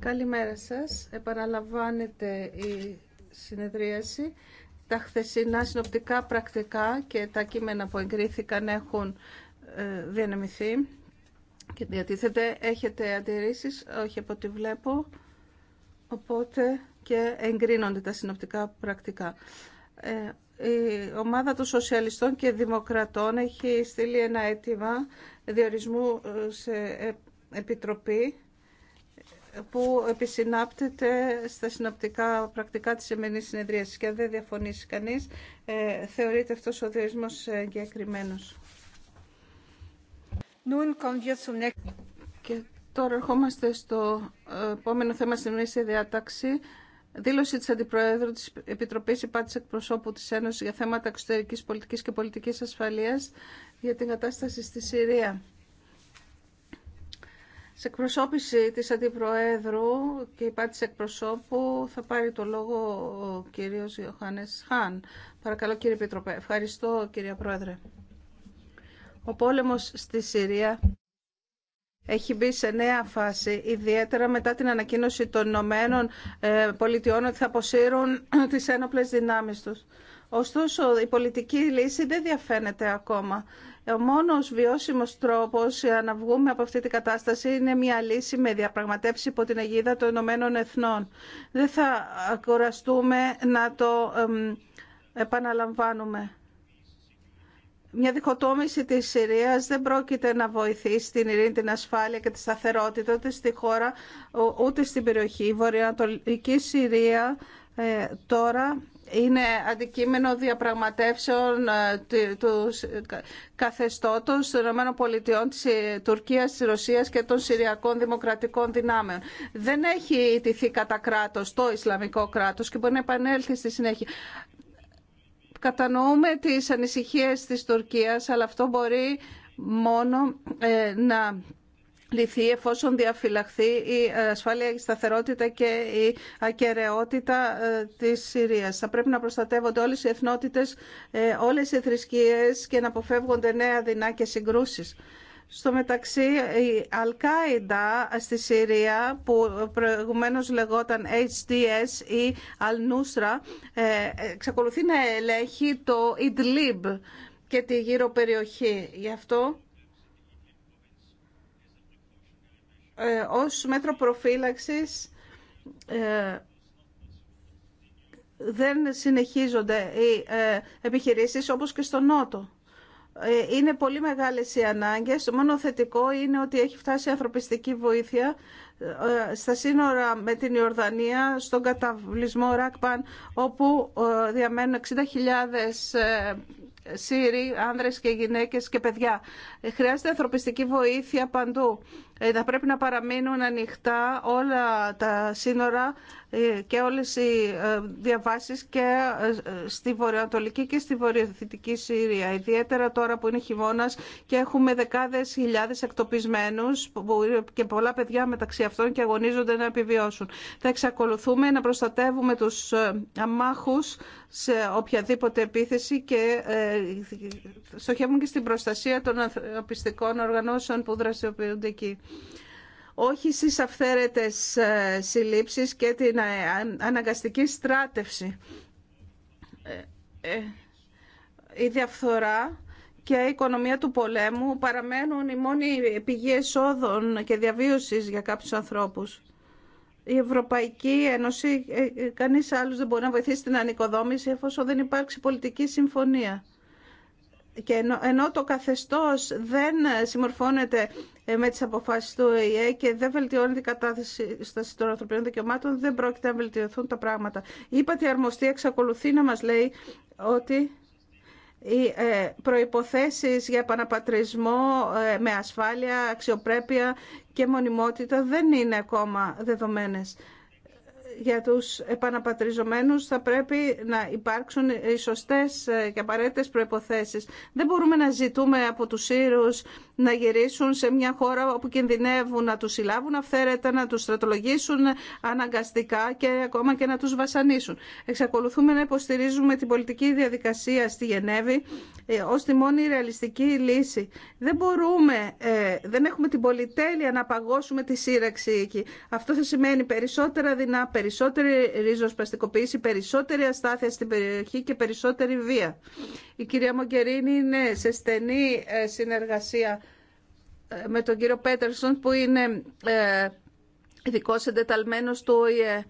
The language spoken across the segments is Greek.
καλημέρα σας. επαναλαμβάνεται η συνεδρίαση. τα χθεσινά συνοπτικά πρακτικά και τα κείμενα που εγκρίθηκαν έχουν ε, διανεμηθεί και διατίθεται. έχετε αντιρρήσεις; όχι από ό,τι βλέπω. οπότε και εγκρίνονται τα συνοπτικά πρακτικά. Ε, η ομάδα των Σοσιαλιστών και Δημοκρατών έχει στείλει ένα αίτημα διορισμού ε, σε ε, επιτροπή που επισυνάπτεται στα συνοπτικά πρακτικά της σημερινής συνεδρίασης και αν δεν διαφωνήσει κανείς ε, θεωρείται αυτός ο διορισμός εγκεκριμένος. Και τώρα ερχόμαστε στο επόμενο θέμα στην διάταξη Δήλωση της Αντιπροέδρου της Επιτροπής Υπάτη Εκπροσώπου της Ένωσης για θέματα εξωτερικής πολιτικής και πολιτικής ασφαλείας για την κατάσταση στη Συρία. Σε εκπροσώπηση της Αντιπροέδρου και υπάτης εκπροσώπου θα πάρει το λόγο ο κύριος Ιωάννης Χάν. Παρακαλώ κύριε Επιτροπέ. Ευχαριστώ κύριε Πρόεδρε. Ο πόλεμος στη Συρία έχει μπει σε νέα φάση, ιδιαίτερα μετά την ανακοίνωση των Ηνωμένων ε, Πολιτειών ότι θα αποσύρουν τις ένοπλες δυνάμεις τους. Ωστόσο, η πολιτική λύση δεν διαφαίνεται ακόμα. Ο μόνος βιώσιμος τρόπος να βγούμε από αυτή την κατάσταση είναι μια λύση με διαπραγματεύσει υπό την αιγίδα των Ηνωμένων Εθνών. Δεν θα κουραστούμε να το επαναλαμβάνουμε μια διχοτόμηση της Συρίας δεν πρόκειται να βοηθήσει την ειρήνη, την ασφάλεια και τη σταθερότητα της στη χώρα ούτε στην περιοχή. Η βορειοανατολική Συρία ε, τώρα είναι αντικείμενο διαπραγματεύσεων ε, του καθεστώτος των ΗΠΑ, της ε, Τουρκίας, της Ρωσίας και των Συριακών Δημοκρατικών Δυνάμεων. Δεν έχει ιτηθεί κατά κράτος το Ισλαμικό κράτος και μπορεί να επανέλθει στη συνέχεια. Κατανοούμε τις ανησυχίες της Τουρκίας, αλλά αυτό μπορεί μόνο ε, να λυθεί εφόσον διαφυλαχθεί η ασφάλεια, η σταθερότητα και η ακαιρεότητα ε, της Συρίας. Θα πρέπει να προστατεύονται όλες οι εθνότητες, ε, όλες οι θρησκείες και να αποφεύγονται νέα δεινά και συγκρούσεις. Στο μεταξύ, η Αλκάιντα στη Συρία, που προηγουμένως λεγόταν HDS ή Αλνούστρα, ε, εξακολουθεί να ελέγχει το Ιντλίμπ και τη γύρω περιοχή. Γι' αυτό ε, ως μέτρο προφύλαξης ε, δεν συνεχίζονται οι ε, επιχειρήσεις όπως και στο Νότο. Ε, είναι πολύ μεγάλες οι ανάγκες. Το μόνο θετικό είναι ότι έχει φτάσει ανθρωπιστική βοήθεια ε, στα σύνορα με την Ιορδανία, στον καταβλισμό Ράκπαν, όπου ε, διαμένουν 60.000 Σύριοι, άνδρες και γυναίκες και παιδιά. Χρειάζεται ανθρωπιστική βοήθεια παντού. Ε, θα πρέπει να παραμείνουν ανοιχτά όλα τα σύνορα ε, και όλες οι ε, διαβάσεις και στη βορειοανατολική και στη βορειοδυτική Σύρια. Ιδιαίτερα τώρα που είναι χειμώνας και έχουμε δεκάδες χιλιάδες εκτοπισμένους και πολλά παιδιά μεταξύ αυτών και αγωνίζονται να επιβιώσουν. Θα εξακολουθούμε να προστατεύουμε τους αμάχους σε οποιαδήποτε επίθεση και στοχεύουμε και στην προστασία των ανθρωπιστικών οργανώσεων που δραστηριοποιούνται εκεί όχι στις αυθαίρετες ε, συλλήψεις και την ε, αναγκαστική στράτευση. Ε, η διαφθορά και η οικονομία του πολέμου παραμένουν οι μόνοι πηγή εσόδων και διαβίωσης για κάποιους ανθρώπους. Η Ευρωπαϊκή Ένωση, κανείς άλλος δεν μπορεί να βοηθήσει την ανοικοδόμηση εφόσον δεν υπάρξει πολιτική συμφωνία και ενώ, το καθεστώς δεν συμμορφώνεται ε, με τις αποφάσεις του ΕΕ και δεν βελτιώνει την κατάσταση των ανθρωπίνων δικαιωμάτων, δεν πρόκειται να βελτιωθούν τα πράγματα. Είπα η αρμοστία εξακολουθεί να μας λέει ότι οι ε, προϋποθέσεις για επαναπατρισμό ε, με ασφάλεια, αξιοπρέπεια και μονιμότητα δεν είναι ακόμα δεδομένες για τους επαναπατριζομένους θα πρέπει να υπάρξουν οι σωστές και απαραίτητες προϋποθέσεις. Δεν μπορούμε να ζητούμε από τους Σύρους να γυρίσουν σε μια χώρα όπου κινδυνεύουν να τους συλλάβουν αυθαίρετα, να τους στρατολογήσουν αναγκαστικά και ακόμα και να τους βασανίσουν. Εξακολουθούμε να υποστηρίζουμε την πολιτική διαδικασία στη Γενέβη ε, ως τη μόνη ρεαλιστική λύση. Δεν μπορούμε, ε, δεν έχουμε την πολυτέλεια να παγώσουμε τη σύραξη εκεί. Αυτό θα σημαίνει περισσότερα δεινά, περισσότερη ριζοσπαστικοποίηση, περισσότερη αστάθεια στην περιοχή και περισσότερη βία. Η κυρία Μογκερίνη είναι σε στενή ε, συνεργασία με τον κύριο Πέτερσον που είναι ε, ειδικό εντεταλμένος του ΟΗΕ.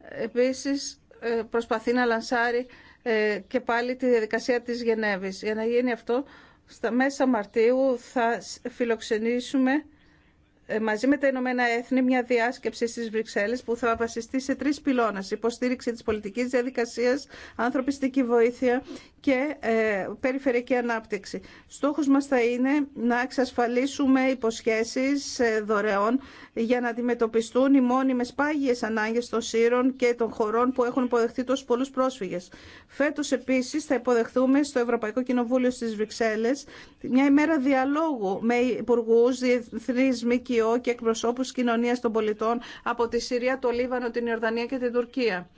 Επίσης ε, προσπαθεί να λανσάρει ε, και πάλι τη διαδικασία της Γενέβης. Για να γίνει αυτό, στα μέσα Μαρτίου θα φιλοξενήσουμε ε, μαζί με τα Ηνωμένα Έθνη μια διάσκεψη στι Βρυξέλλε που θα βασιστεί σε τρει πυλώνε. Υποστήριξη τη πολιτική διαδικασία, ανθρωπιστική βοήθεια και ε, περιφερειακή ανάπτυξη. Στόχο μα θα είναι να εξασφαλίσουμε υποσχέσεις ε, δωρεών για να αντιμετωπιστούν οι μόνιμε πάγιε ανάγκε των σύρων και των χωρών που έχουν υποδεχθεί τόσου πολλού πρόσφυγε. Φέτο επίση θα υποδεχθούμε στο Ευρωπαϊκό Κοινοβούλιο στι Βρυξέλλε μια ημέρα διαλόγου με υπουργού, και εκπροσώπους κοινωνίας των πολιτών από τη Συρία, το Λίβανο, την Ιορδανία και την Τουρκία.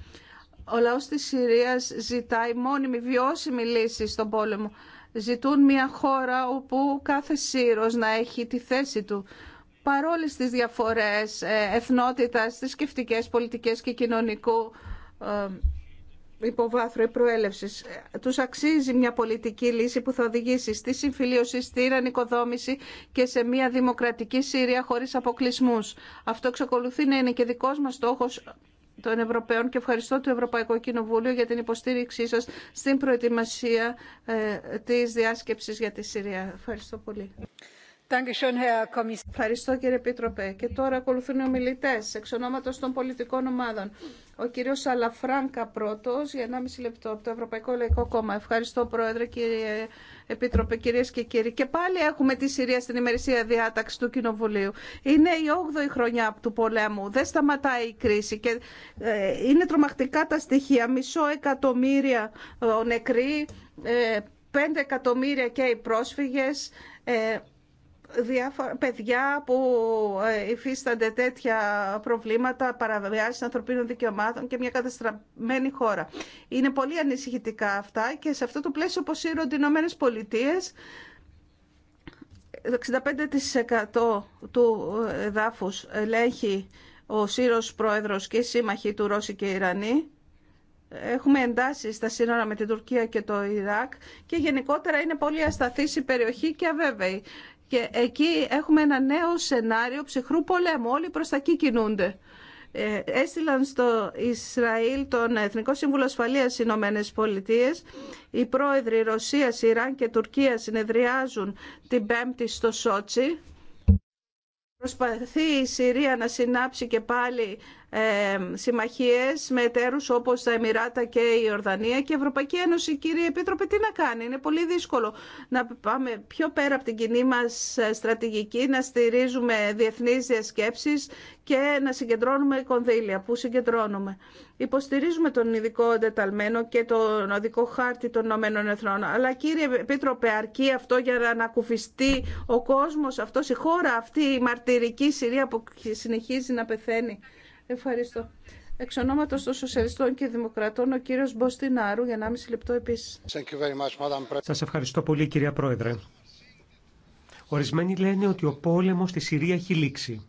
Ο λαός της Συρίας ζητάει μόνιμη, βιώσιμη λύση στον πόλεμο. Ζητούν μια χώρα όπου κάθε Σύρος να έχει τη θέση του παρόλες τις διαφορές ε, εθνότητας, θρησκευτικέ, πολιτικές και κοινωνικού ε, υποβάθρο προέλευση. Ε, τους αξίζει μια πολιτική λύση που θα οδηγήσει στη συμφιλίωση, στη ρανικοδόμηση και σε μια δημοκρατική Σύρια χωρίς αποκλεισμού. Αυτό εξακολουθεί να είναι και δικό μα στόχο των Ευρωπαίων και ευχαριστώ το Ευρωπαϊκό Κοινοβούλιο για την υποστήριξή σας στην προετοιμασία ε, της διάσκεψης για τη Συρία. Ευχαριστώ πολύ. Ευχαριστώ κύριε Επίτροπε. Και τώρα ακολουθούν οι ομιλητέ εξ ονόματο των πολιτικών ομάδων. Ο κύριο Αλαφράνκα πρώτο για 1,5 λεπτό από το Ευρωπαϊκό Λαϊκό Κόμμα. Ευχαριστώ πρόεδρε κύριε Επίτροπε, κυρίε και κύριοι. Και πάλι έχουμε τη Συρία στην ημερησία διάταξη του Κοινοβουλίου. Είναι η 8η χρονιά του πολέμου. Δεν σταματάει η κρίση. Και ε, είναι τρομακτικά τα στοιχεία. Μισό εκατομμύρια ε, νεκροί, 5 ε, εκατομμύρια και οι πρόσφυγε διάφορα παιδιά που ε, υφίστανται τέτοια προβλήματα παραβιάσεις ανθρωπίνων δικαιωμάτων και μια καταστραμμένη χώρα. Είναι πολύ ανησυχητικά αυτά και σε αυτό το πλαίσιο όπως οι Ηνωμένε Πολιτείε. 65% του εδάφους ελέγχει ο Σύρος Πρόεδρος και σύμμαχοι του Ρώση και Ιρανοί. Έχουμε εντάσεις στα σύνορα με την Τουρκία και το Ιράκ και γενικότερα είναι πολύ ασταθής η περιοχή και αβέβαιη. Και εκεί έχουμε ένα νέο σενάριο ψυχρού πολέμου. Όλοι προς τα εκεί κινούνται. Ε, έστειλαν στο Ισραήλ τον Εθνικό Σύμβουλο Ασφαλείας Ηνωμένε Πολιτείε. Οι πρόεδροι Ρωσίας, Ιράν και Τουρκία συνεδριάζουν την Πέμπτη στο Σότσι. Προσπαθεί η Συρία να συνάψει και πάλι συμμαχίες με εταίρους όπως τα Εμμυράτα και η Ορδανία και η Ευρωπαϊκή Ένωση, κύριε Επίτροπε, τι να κάνει. Είναι πολύ δύσκολο να πάμε πιο πέρα από την κοινή μας ε, στρατηγική, να στηρίζουμε διεθνείς διασκέψεις και να συγκεντρώνουμε κονδύλια που συγκεντρώνουμε. Υποστηρίζουμε τον ειδικό εντεταλμένο και τον οδικό χάρτη των ΗΕ. Αλλά κύριε Επίτροπε, αρκεί αυτό για να ανακουφιστεί ο κόσμος αυτός, η χώρα αυτή, η μαρτυρική Συρία που συνεχίζει να πεθαίνει. Ευχαριστώ. Εξ ονόματο των Σοσιαλιστών και Δημοκρατών, ο κύριος Μποστινάρου, για 1,5 λεπτό επίση. Σα ευχαριστώ πολύ, κυρία Πρόεδρε. Ορισμένοι λένε ότι ο πόλεμο στη Συρία έχει λήξει.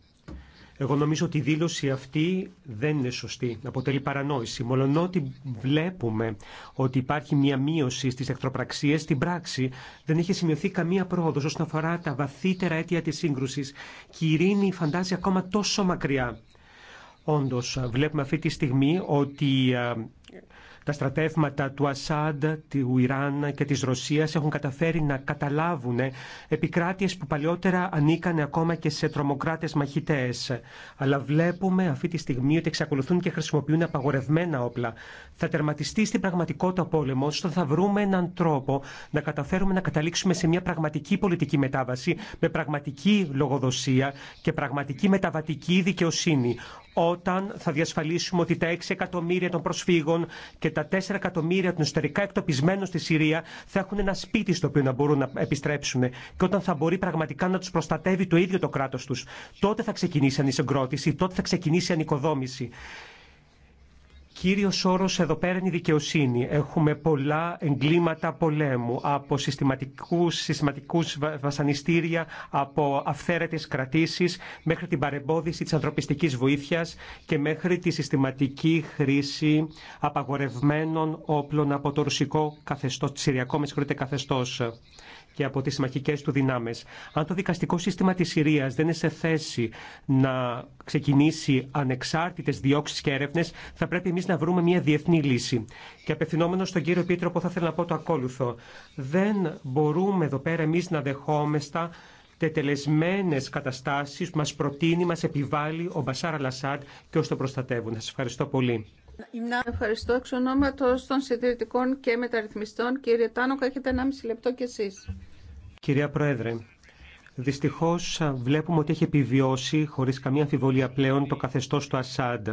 Εγώ νομίζω ότι η δήλωση αυτή δεν είναι σωστή, αποτελεί παρανόηση. Μολονότι βλέπουμε ότι υπάρχει μια μείωση στι εχθροπραξίε, στην πράξη δεν έχει σημειωθεί καμία πρόοδο όσον αφορά τα βαθύτερα αίτια τη σύγκρουση. και η ειρήνη φαντάζει ακόμα τόσο μακριά. Όντως, βλέπουμε αυτή τη στιγμή ότι τα στρατεύματα του Ασάντ, του Ιράν και της Ρωσίας έχουν καταφέρει να καταλάβουν επικράτειες που παλιότερα ανήκαν ακόμα και σε τρομοκράτες μαχητές. Αλλά βλέπουμε αυτή τη στιγμή ότι εξακολουθούν και χρησιμοποιούν απαγορευμένα όπλα. Θα τερματιστεί στην πραγματικότητα ο πόλεμος θα βρούμε έναν τρόπο να καταφέρουμε να καταλήξουμε σε μια πραγματική πολιτική μετάβαση με πραγματική λογοδοσία και πραγματική μεταβατική δικαιοσύνη όταν θα διασφαλίσουμε ότι τα 6 εκατομμύρια των προσφύγων και τα 4 εκατομμύρια των ιστορικά εκτοπισμένων στη Συρία θα έχουν ένα σπίτι στο οποίο να μπορούν να επιστρέψουν και όταν θα μπορεί πραγματικά να του προστατεύει το ίδιο το κράτο του. Τότε θα ξεκινήσει η συγκρότηση, τότε θα ξεκινήσει η ανοικοδόμηση κύριο όρο εδώ πέρα είναι η δικαιοσύνη. Έχουμε πολλά εγκλήματα πολέμου, από συστηματικούς, συστηματικούς βασανιστήρια, από αυθαίρετε κρατήσει, μέχρι την παρεμπόδιση τη ανθρωπιστική βοήθειας και μέχρι τη συστηματική χρήση απαγορευμένων όπλων από το ρουσικό καθεστώ, τη συριακό με καθεστώς και από τις συμμαχικές του δυνάμες. Αν το δικαστικό σύστημα της Συρίας δεν είναι σε θέση να ξεκινήσει ανεξάρτητες διώξεις και έρευνε, θα πρέπει εμείς να βρούμε μια διεθνή λύση. Και απευθυνόμενο στον κύριο Επίτροπο θα ήθελα να πω το ακόλουθο. Δεν μπορούμε εδώ πέρα εμείς να δεχόμεστα τετελεσμένες καταστάσει που μας προτείνει, μα επιβάλλει ο Μπασάρα Λασάντ και όσοι το προστατεύουν. Σα ευχαριστώ πολύ. Να Ευχαριστώ εξ ονόματος των συντηρητικών και μεταρρυθμιστών. Κύριε Τάνοκα, έχετε 1,5 λεπτό κι εσείς. Κυρία Πρόεδρε, δυστυχώς βλέπουμε ότι έχει επιβιώσει χωρίς καμία αμφιβολία πλέον το καθεστώς του Ασάντ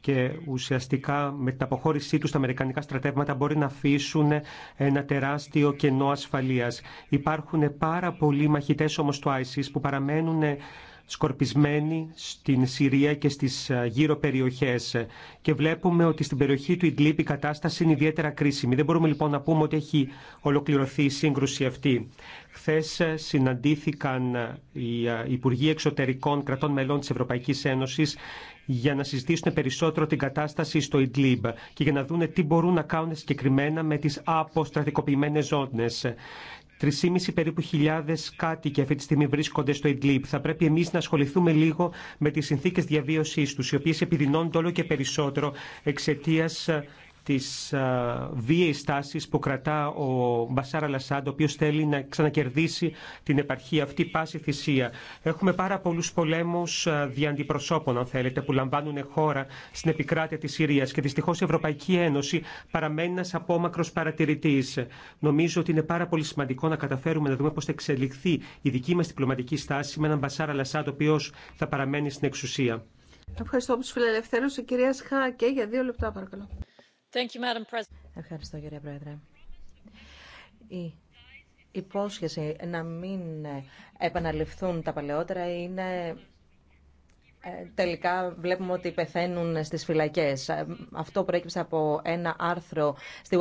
και ουσιαστικά με την αποχώρησή του τα αμερικανικά στρατεύματα μπορεί να αφήσουν ένα τεράστιο κενό ασφαλείας. Υπάρχουν πάρα πολλοί μαχητές όμω του ISIS που παραμένουν σκορπισμένοι στην Συρία και στις ε, γύρω περιοχές και βλέπουμε ότι στην περιοχή του Ιντλίπ η κατάσταση είναι ιδιαίτερα κρίσιμη. Δεν μπορούμε λοιπόν να πούμε ότι έχει ολοκληρωθεί η σύγκρουση αυτή. Χθε ε, συναντήθηκαν ε, οι Υπουργοί Εξωτερικών Κρατών Μελών της Ευρωπαϊκής Ένωσης για να συζητήσουν περισσότερο την κατάσταση στο Ιντλίμπ και για να δούνε τι μπορούν να κάνουν συγκεκριμένα με τις αποστρατικοποιημένες ζώνες. 3,5 περίπου χιλιάδε κάτοικοι αυτή τη στιγμή βρίσκονται στο Ιντλίπ. Θα πρέπει εμεί να ασχοληθούμε λίγο με τι συνθήκε διαβίωσή του, οι οποίε επιδεινώνονται όλο και περισσότερο εξαιτία Τη βίαιης τάσης που κρατά ο Μπασάρα Λασάντ, ο οποίος θέλει να ξανακερδίσει την επαρχία αυτή πάση θυσία. Έχουμε πάρα πολλούς πολέμους αντιπροσώπων, αν θέλετε, που λαμβάνουν χώρα στην επικράτεια της Συρίας και δυστυχώς η Ευρωπαϊκή Ένωση παραμένει ένας απόμακρος παρατηρητής. Νομίζω ότι είναι πάρα πολύ σημαντικό να καταφέρουμε να δούμε πώς θα εξελιχθεί η δική μας διπλωματική στάση με έναν Μπασάρα Λασάντ, ο οποίο θα παραμένει στην εξουσία. Ευχαριστώ που σου φιλελευθέρωσε, κυρία Σχάκε για δύο λεπτά παρακαλώ. Ευχαριστώ, κύριε Πρόεδρε. Η υπόσχεση να μην επαναληφθούν τα παλαιότερα είναι ε, τελικά βλέπουμε ότι πεθαίνουν στις φυλακές. Ε, αυτό προέκυψε από ένα άρθρο στη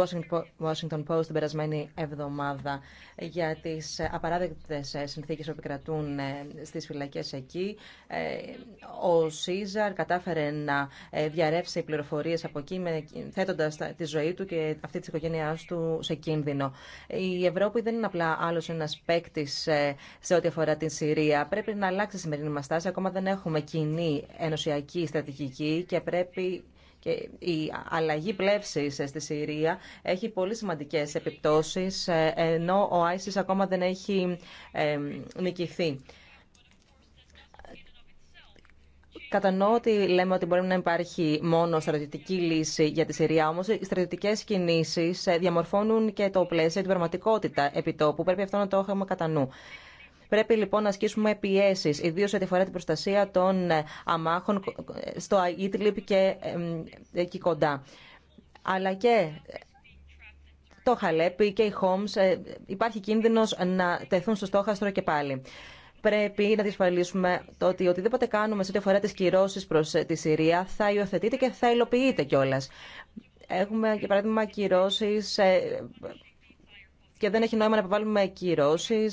Washington Post την περασμένη εβδομάδα για τις απαράδεκτες συνθήκες που επικρατούν ε, στις φυλακές εκεί. Ο Σίζαρ κατάφερε να διαρρεύσει πληροφορίες από εκεί θέτοντας τη ζωή του και αυτή της οικογένειάς του σε κίνδυνο. Η Ευρώπη δεν είναι απλά άλλος ένας παίκτη σε ό,τι αφορά την Συρία. Πρέπει να αλλάξει η σημερινή μας τάση. Ακόμα δεν έχουμε κίνδυνο κοινή ενωσιακή στρατηγική και πρέπει και η αλλαγή πλεύσης στη Συρία έχει πολύ σημαντικές επιπτώσεις ενώ ο ISIS ακόμα δεν έχει νικηθεί. Κατανοώ ότι λέμε ότι μπορεί να υπάρχει μόνο στρατιωτική λύση για τη Συρία, όμω οι στρατιωτικέ κινήσει ε, διαμορφώνουν και το πλαίσιο, την πραγματικότητα επιτόπου. Πρέπει αυτό να το έχουμε κατά νου. Πρέπει λοιπόν να ασκήσουμε πιέσει, ιδίω σε αφορά την προστασία των ε, αμάχων στο Ιτλίπ και εκεί κοντά. Αλλά και ε, το Χαλέπι και οι Χόμς ε, υπάρχει κίνδυνος να τεθούν στο στόχαστρο και πάλι. Πρέπει να διασφαλίσουμε το ότι οτιδήποτε κάνουμε σε ό,τι αφορά τι κυρώσει προ τη Συρία θα υιοθετείται και θα υλοποιείται κιόλα. Έχουμε, για παράδειγμα, κυρώσει και δεν έχει νόημα να επιβάλλουμε κυρώσει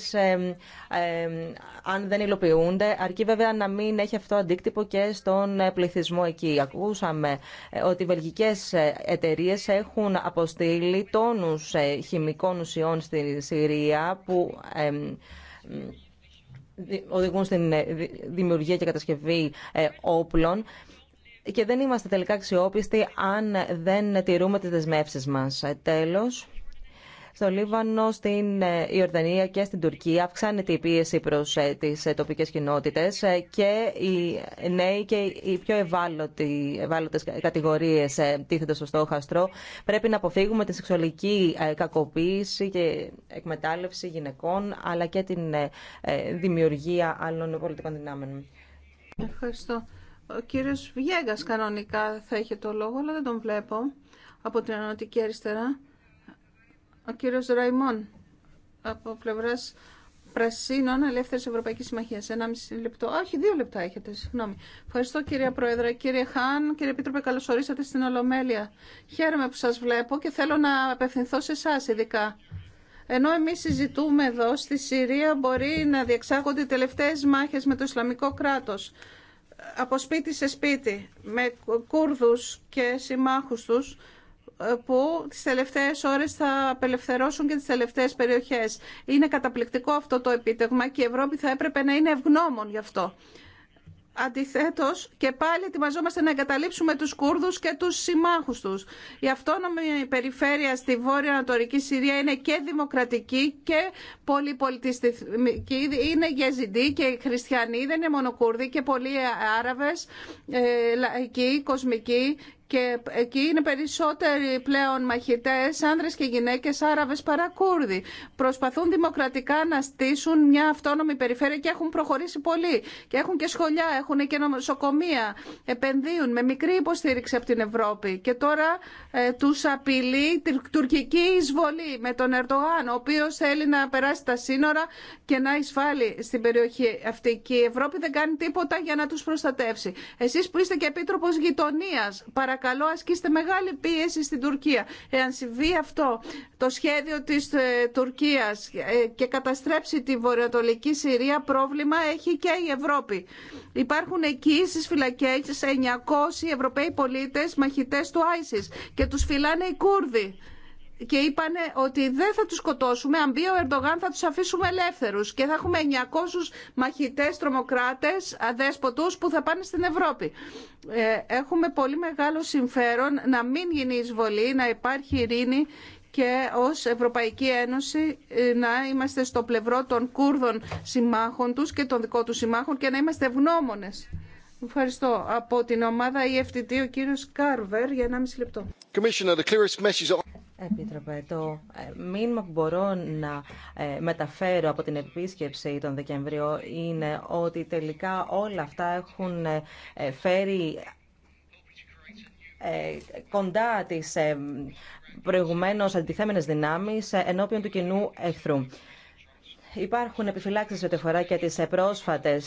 αν δεν υλοποιούνται. Αρκεί βέβαια να μην έχει αυτό αντίκτυπο και στον ε, πληθυσμό εκεί. Ακούσαμε ε, ότι οι βελγικέ ε, εταιρείε έχουν αποστείλει τόνου χημικών ουσιών στη Συρία που οδηγούν στην δημιουργία και κατασκευή όπλων και δεν είμαστε τελικά αξιόπιστοι αν δεν τηρούμε τις δεσμεύσεις μας. Τέλος, στο Λίβανο, στην ε, Ιορδανία και στην Τουρκία. Αυξάνεται η πίεση προ ε, τι ε, τοπικέ κοινότητε και οι νέοι και οι πιο ευάλωτε κατηγορίε τίθενται στο στόχαστρο. Πρέπει να αποφύγουμε τη σεξουαλική κακοποίηση και εκμετάλλευση γυναικών, αλλά και την δημιουργία άλλων πολιτικών δυνάμεων. Ευχαριστώ. Ο κύριος Βιέγκας κανονικά θα είχε το λόγο, αλλά δεν τον βλέπω από την Αριστερά. Ο κύριος Ραϊμόν από πλευράς Πρασίνων Ελεύθερη Ευρωπαϊκή Συμμαχία. Ένα μισή λεπτό. Όχι, δύο λεπτά έχετε. Συγγνώμη. Ευχαριστώ κύριε Πρόεδρε. Κύριε Χάν, κύριε Επίτροπε, καλώ ορίσατε στην Ολομέλεια. Χαίρομαι που σα βλέπω και θέλω να απευθυνθώ σε εσά ειδικά. Ενώ εμείς συζητούμε εδώ, στη Συρία μπορεί να διεξάγονται οι τελευταίες μάχες με το Ισλαμικό κράτος, από σπίτι σε σπίτι, με Κούρδους και συμμάχους τους, που τις τελευταίες ώρες θα απελευθερώσουν και τις τελευταίες περιοχές. Είναι καταπληκτικό αυτό το επίτευγμα και η Ευρώπη θα έπρεπε να είναι ευγνώμων γι' αυτό. Αντιθέτω, και πάλι ετοιμαζόμαστε να εγκαταλείψουμε του Κούρδου και του συμμάχου του. Η αυτόνομη περιφέρεια στη βόρεια Ανατολική Συρία είναι και δημοκρατική και πολυπολιτιστική. Είναι γεζιντή και χριστιανοί, δεν είναι μόνο Κούρδοι και πολλοί Άραβε, ε, λαϊκοί, κοσμικοί και εκεί είναι περισσότεροι πλέον μαχητέ, άνδρες και γυναίκε, άραβε παρά Κούρδοι. Προσπαθούν δημοκρατικά να στήσουν μια αυτόνομη περιφέρεια και έχουν προχωρήσει πολύ. Και έχουν και σχολιά, έχουν και νοσοκομεία, επενδύουν με μικρή υποστήριξη από την Ευρώπη. Και τώρα ε, τους απειλεί τουρκική εισβολή με τον Ερτογάν ο οποίο θέλει να περάσει τα σύνορα και να εισφάλει στην περιοχή αυτή. Και η Ευρώπη δεν κάνει τίποτα για να του προστατεύσει. Εσεί που είστε και επίτροπο γειτονία παρακαλώ ασκήστε μεγάλη πίεση στην Τουρκία. Εάν συμβεί αυτό το σχέδιο της ε, Τουρκίας ε, και καταστρέψει τη βορειοτολική Συρία, πρόβλημα έχει και η Ευρώπη. Υπάρχουν εκεί στις φυλακές 900 Ευρωπαίοι πολίτες μαχητές του ISIS και τους φυλάνε οι Κούρδοι και είπανε ότι δεν θα τους σκοτώσουμε, αν μπει ο Ερντογάν θα τους αφήσουμε ελεύθερους και θα έχουμε 900 μαχητές, τρομοκράτες, αδέσποτους που θα πάνε στην Ευρώπη. Ε, έχουμε πολύ μεγάλο συμφέρον να μην γίνει εισβολή, να υπάρχει ειρήνη και ως Ευρωπαϊκή Ένωση ε, να είμαστε στο πλευρό των Κούρδων συμμάχων τους και των δικών τους συμμάχων και να είμαστε ευγνώμονες. Ευχαριστώ. Από την ομάδα EFTT ο κύριος Κάρβερ για 1,5 λεπτό. Επίτροπε, το ε, μήνυμα που μπορώ να ε, μεταφέρω από την επίσκεψη τον Δεκεμβρίο είναι ότι τελικά όλα αυτά έχουν ε, φέρει κοντά τις προηγουμένως αντιθέμενες δυνάμεις ενώπιον του κοινού εχθρού. Υπάρχουν επιφυλάξει ό,τι αφορά και τι πρόσφατε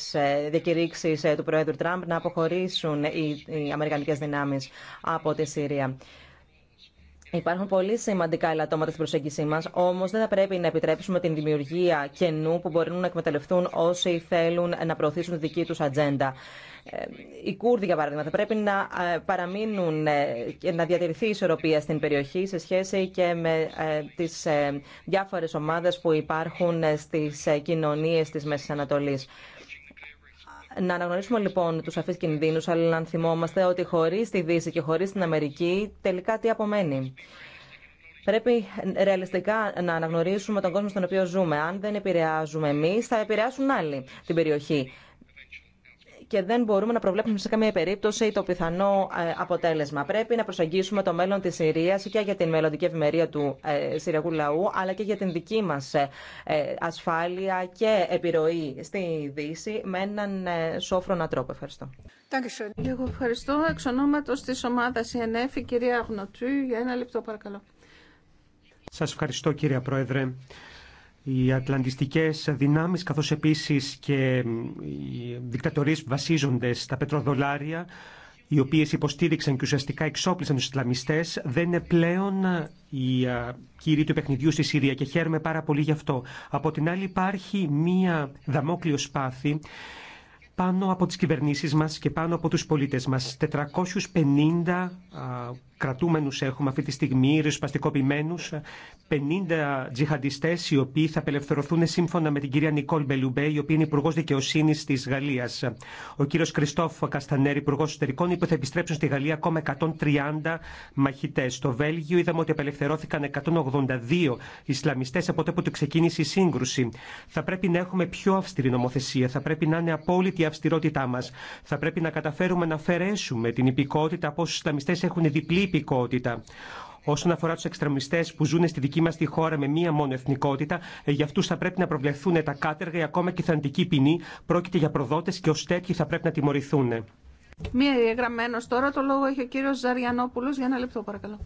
διακηρύξει του Προέδρου Τραμπ να αποχωρήσουν οι Αμερικανικέ δυνάμει από τη Συρία. Υπάρχουν πολύ σημαντικά ελαττώματα στην προσέγγιση μα, όμω δεν θα πρέπει να επιτρέψουμε την δημιουργία κενού που μπορούν να εκμεταλλευτούν όσοι θέλουν να προωθήσουν τη δική του ατζέντα. Ε, οι Κούρδοι, για παράδειγμα, θα πρέπει να ε, παραμείνουν ε, και να διατηρηθεί η ισορροπία στην περιοχή σε σχέση και με τι διάφορε ομάδε που υπάρχουν στι κοινωνίε τη Μέση Ανατολή. Να αναγνωρίσουμε λοιπόν του σαφεί κινδύνου, αλλά να θυμόμαστε ότι χωρί τη Δύση και χωρί την Αμερική τελικά τι απομένει. Πρέπει ρεαλιστικά να αναγνωρίσουμε τον κόσμο στον οποίο ζούμε. Αν δεν επηρεάζουμε εμεί, θα επηρεάσουν άλλοι την περιοχή και δεν μπορούμε να προβλέψουμε σε καμία περίπτωση το πιθανό ε, αποτέλεσμα. Πρέπει να προσεγγίσουμε το μέλλον τη Συρία και για την μελλοντική ευημερία του ε, Συριακού λαού, αλλά και για την δική μα ε, ασφάλεια και επιρροή στη Δύση με έναν σόφρονα τρόπο. Ευχαριστώ. Εγώ ευχαριστώ. Εξ ονόματο τη ομάδα ΕΝΕΦ, κυρία Αγνοτού, για ένα λεπτό παρακαλώ. Σας ευχαριστώ κύριε Πρόεδρε οι ατλαντιστικές δυνάμεις καθώς επίσης και οι δικτατορίες που βασίζονται στα πετροδολάρια οι οποίες υποστήριξαν και ουσιαστικά εξόπλισαν τους Ισλαμιστές, δεν είναι πλέον οι κύριοι του παιχνιδιού στη Συρία και χαίρομαι πάρα πολύ γι' αυτό. Από την άλλη υπάρχει μία δαμόκλειο σπάθη πάνω από τις κυβερνήσεις μας και πάνω από τους πολίτες μας. 450 Κρατούμενου έχουμε αυτή τη στιγμή, ριζοσπαστικοποιημένου. 50 τζιχαντιστέ οι οποίοι θα απελευθερωθούν σύμφωνα με την κυρία Νικόλ Μπελουμπέ, η οποία είναι υπουργό δικαιοσύνη τη Γαλλία. Ο κύριο Κριστόφ Καστανέρη, υπουργό Εσωτερικών, είπε ότι θα επιστρέψουν στη Γαλλία ακόμα 130 μαχητέ. Στο Βέλγιο είδαμε ότι απελευθερώθηκαν 182 Ισλαμιστέ από τότε που ξεκίνησε η σύγκρουση. Θα πρέπει να έχουμε πιο αυστηρή νομοθεσία, θα πρέπει να είναι απόλυτη η αυστηρότητά μα. Θα πρέπει να καταφέρουμε να αφαιρέσουμε την υπηκότητα από όσου Ισλαμιστέ έχουν διπλή υπηκότητα. Όσον αφορά του εξτρεμιστέ που ζουν στη δική μα τη χώρα με μία μόνο εθνικότητα, ε, για αυτού θα πρέπει να προβλεφθούν τα κάτεργα ή ακόμα και θαντική ποινή. Πρόκειται για προδότε και ω τέτοιοι θα πρέπει να τιμωρηθούν. Μία διαγραμμένο τώρα, το λόγο έχει ο κύριο Ζαριανόπουλο. Για ένα λεπτό, παρακαλώ.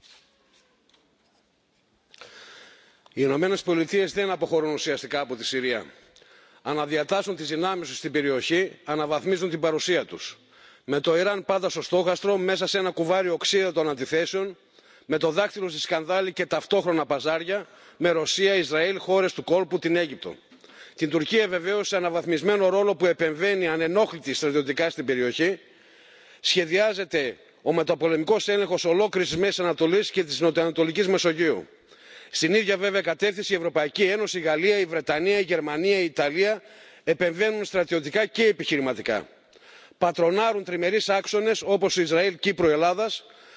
Οι Ηνωμένε Πολιτείε δεν αποχωρούν ουσιαστικά από τη Συρία. Αναδιατάσσουν τι δυνάμει του στην περιοχή, αναβαθμίζουν την παρουσία του με το ιράν πάντα στο στόχαστρο μέσα σε ένα κουβάρι οξύδα των αντιθέσεων με το δάχτυλο στη σκανδάλη και ταυτόχρονα παζάρια με ρωσία ισραήλ χώρε του κόλπου την αίγυπτο. την τουρκία βεβαίω σε αναβαθμισμένο ρόλο που επεμβαίνει ανενόχλητη στρατιωτικά στην περιοχή. σχεδιάζεται ο μεταπολεμικό έλεγχο ολόκληρη τη μέση ανατολή και τη νοτιοανατολική μεσογείου. στην ίδια βέβαια κατεύθυνση η ευρωπαϊκή ένωση η γαλλία η βρετανία η γερμανία η ιταλία επεμβαίνουν στρατιωτικά και επιχειρηματικά πατρονάρουν τριμερείς άξονες όπως ισραήλ κύπρο Ελλάδα,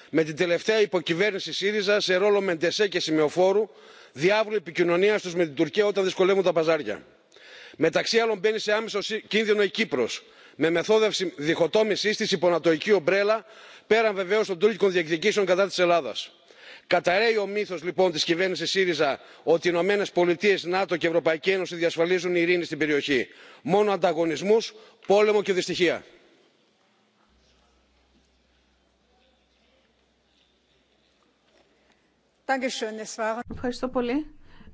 με την τελευταία υποκυβέρνηση σύριζα σε ρόλο μεντεσέ και σημεοφόρου διάβλου επικοινωνία του με την τουρκία όταν δυσκολεύουν τα παζάρια. μεταξύ άλλων μπαίνει σε άμεσο κίνδυνο η κύπρος με μεθόδευση διχοτόμησής τη υπονατοϊκή ομπρέλα πέραν βεβαίως των τουρκικών διεκδικήσεων κατά της ελλάδας. Καταραίει ο μύθο λοιπόν τη κυβέρνηση σύριζα ότι οι ηνωμένες πολιτείες νάτο και ευρωπαϊκή ένωση διασφαλίζουν ειρήνη στην περιοχή. μόνο ανταγωνισμού, πόλεμο και δυστυχία. Ευχαριστώ πολύ.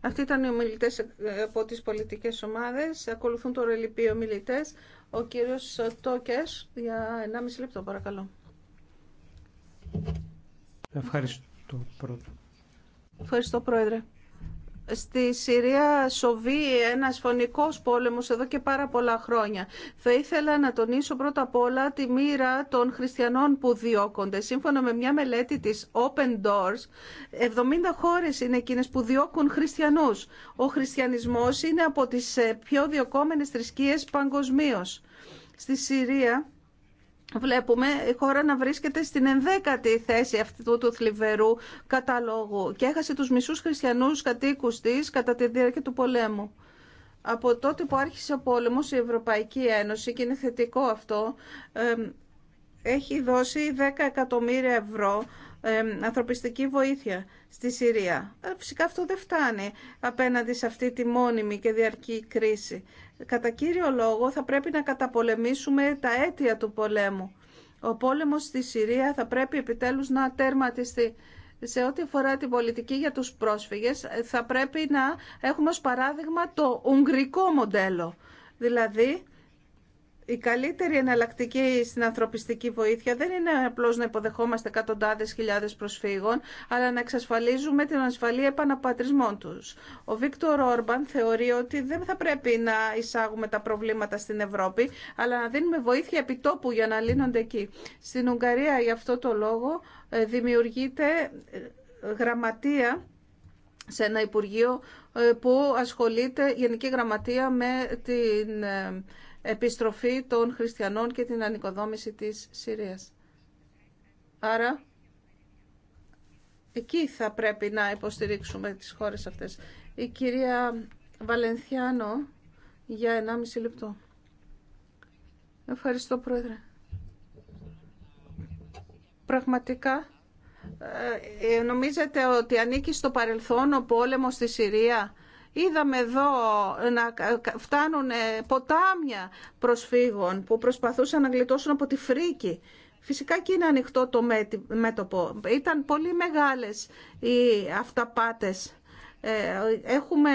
Αυτοί ήταν οι ομιλητέ ε, από τι πολιτικέ ομάδε. Ακολουθούν τώρα οι λοιποί ομιλητέ. Ο κύριο Τόκε, για 1,5 λεπτό, παρακαλώ. Ευχαριστώ, Πρόεδρε. Ευχαριστώ, Πρόεδρε. Στη Συρία σοβεί ένας φωνικός πόλεμος εδώ και πάρα πολλά χρόνια. Θα ήθελα να τονίσω πρώτα απ' όλα τη μοίρα των χριστιανών που διώκονται. Σύμφωνα με μια μελέτη της Open Doors, 70 χώρες είναι εκείνες που διώκουν χριστιανούς. Ο χριστιανισμός είναι από τις πιο διωκόμενες θρησκείες παγκοσμίω. Στη Συρία βλέπουμε η χώρα να βρίσκεται στην ενδέκατη θέση αυτού του θλιβερού καταλόγου και έχασε τους μισούς χριστιανούς κατοίκους της κατά τη διάρκεια του πολέμου. Από τότε που άρχισε ο πόλεμος η Ευρωπαϊκή Ένωση, και είναι θετικό αυτό, έχει δώσει 10 εκατομμύρια ευρώ ανθρωπιστική βοήθεια στη Συρία. Ε, φυσικά αυτό δεν φτάνει απέναντι σε αυτή τη μόνιμη και διαρκή κρίση. Κατά κύριο λόγο θα πρέπει να καταπολεμήσουμε τα αίτια του πολέμου. Ο πόλεμος στη Συρία θα πρέπει επιτέλους να τέρματιστεί. Σε ό,τι αφορά την πολιτική για τους πρόσφυγες ε, θα πρέπει να έχουμε ως παράδειγμα το ουγγρικό μοντέλο. Δηλαδή η καλύτερη εναλλακτική στην ανθρωπιστική βοήθεια δεν είναι απλώ να υποδεχόμαστε εκατοντάδε χιλιάδε προσφύγων, αλλά να εξασφαλίζουμε την ασφαλή επαναπατρισμό του. Ο Βίκτορ Όρμπαν θεωρεί ότι δεν θα πρέπει να εισάγουμε τα προβλήματα στην Ευρώπη, αλλά να δίνουμε βοήθεια επιτόπου για να λύνονται εκεί. Στην Ουγγαρία, γι' αυτό το λόγο, ε, δημιουργείται ε, γραμματεία σε ένα Υπουργείο ε, που ασχολείται, Γενική Γραμματεία, με την επιστροφή των χριστιανών και την ανοικοδόμηση της Συρίας. Άρα, εκεί θα πρέπει να υποστηρίξουμε τις χώρες αυτές. Η κυρία Βαλενθιάνο, για 1,5 λεπτό. Ευχαριστώ, Πρόεδρε. Πραγματικά, ε, νομίζετε ότι ανήκει στο παρελθόν ο πόλεμος στη Συρία Είδαμε εδώ να φτάνουν ε, ποτάμια προσφύγων που προσπαθούσαν να γλιτώσουν από τη φρίκη. Φυσικά και είναι ανοιχτό το μέτωπο. Ήταν πολύ μεγάλες οι αυταπάτες. Ε, έχουμε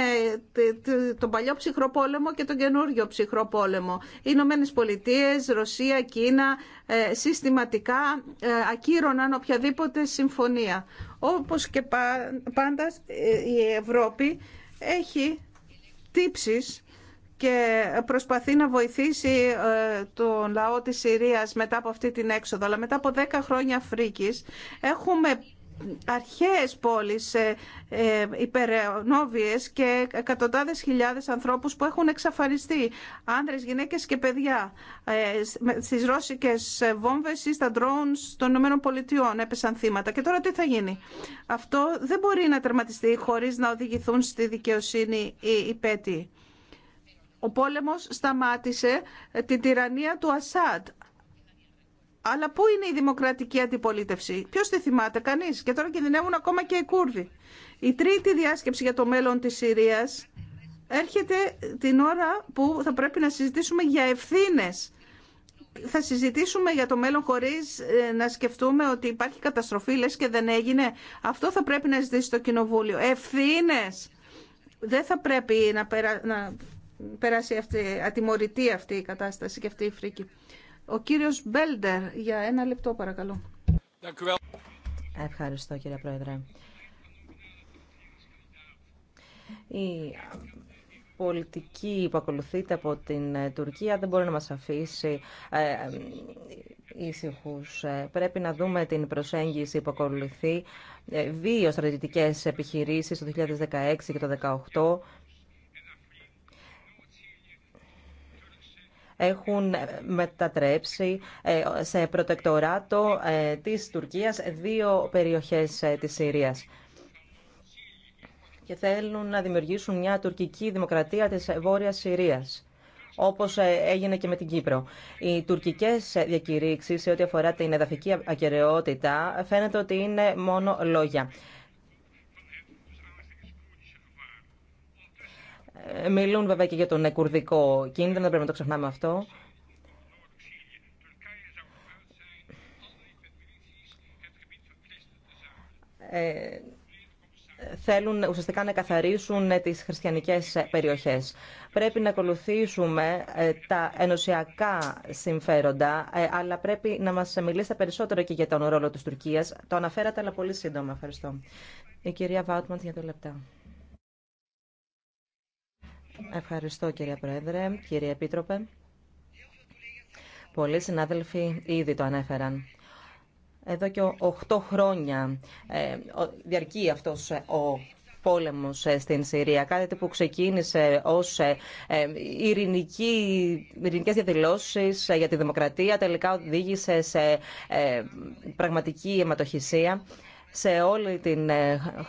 τον παλιό ψυχρό πόλεμο και τον καινούργιο ψυχρό πόλεμο. Οι Ηνωμένε Πολιτείε, Ρωσία, Κίνα ε, συστηματικά ακύρωναν οποιαδήποτε συμφωνία. Όπως και πάντα η Ευρώπη έχει τύψεις και προσπαθεί να βοηθήσει ε, τον λαό της Συρίας μετά από αυτή την έξοδο. Αλλά μετά από 10 χρόνια φρίκης έχουμε αρχαίες πόλεις ε, ε και εκατοντάδες χιλιάδες ανθρώπους που έχουν εξαφανιστεί, άνδρες, γυναίκες και παιδιά. Ε, στις ρώσικες ε, βόμβες ή στα ντρόνς των ΗΠΑ έπεσαν θύματα. Και τώρα τι θα γίνει. Αυτό δεν μπορεί να τερματιστεί χωρίς να οδηγηθούν στη δικαιοσύνη οι υπέτειοι. Ο πόλεμος σταμάτησε ε, την τυραννία του Ασάντ, αλλά πού είναι η δημοκρατική αντιπολίτευση. Ποιο τη θυμάται, κανεί. Και τώρα κινδυνεύουν ακόμα και οι Κούρδοι. Η τρίτη διάσκεψη για το μέλλον τη Συρία έρχεται την ώρα που θα πρέπει να συζητήσουμε για ευθύνε. Θα συζητήσουμε για το μέλλον χωρίς ε, να σκεφτούμε ότι υπάρχει καταστροφή, λες και δεν έγινε. Αυτό θα πρέπει να ζητήσει το Κοινοβούλιο. Ευθύνε. Δεν θα πρέπει να, να περάσει αυτή, αυτή η κατάσταση και αυτή η φρίκη. Ο κύριος Μπέλντερ, για ένα λεπτό παρακαλώ. Ευχαριστώ κύριε Πρόεδρε. Η πολιτική που ακολουθείται από την ε, Τουρκία δεν μπορεί να μας αφήσει ε, ε, ήσυχους. Πρέπει να δούμε την προσέγγιση που ακολουθεί δύο στρατιωτικές επιχειρήσεις το 2016 και το 2018 έχουν μετατρέψει ε, σε προτεκτοράτο ε, της Τουρκίας δύο περιοχές ε, της Συρίας και θέλουν να δημιουργήσουν μια τουρκική δημοκρατία της Βόρειας Συρίας όπως έγινε και με την Κύπρο. Οι τουρκικές διακηρύξεις σε ό,τι αφορά την εδαφική ακαιρεότητα φαίνεται ότι είναι μόνο λόγια. Ε, μιλούν βέβαια και για τον κουρδικό κίνδυνο, δεν πρέπει να το ξεχνάμε αυτό. Ε, θέλουν ουσιαστικά να καθαρίσουν ε, τις χριστιανικές περιοχές. Πρέπει να ακολουθήσουμε τα ενωσιακά συμφέροντα, αλλά πρέπει να μας μιλήσετε περισσότερο και για τον ρόλο της Τουρκίας. Το αναφέρατε, αλλά πολύ σύντομα. Ευχαριστώ. Η κυρία Βάουτμαντ για το λεπτά. Ευχαριστώ κύριε Πρόεδρε, κύριε Επίτροπε. Πολλοί συνάδελφοι ήδη το ανέφεραν. Εδώ και 8 χρόνια ε, διαρκεί αυτός ε, ο πόλεμος ε, στην Συρία. Κάτι που ξεκίνησε ως ειρηνική, ειρηνικές διαδηλώσεις για τη δημοκρατία, τελικά οδήγησε σε πραγματική αιματοχυσία. Σε όλη την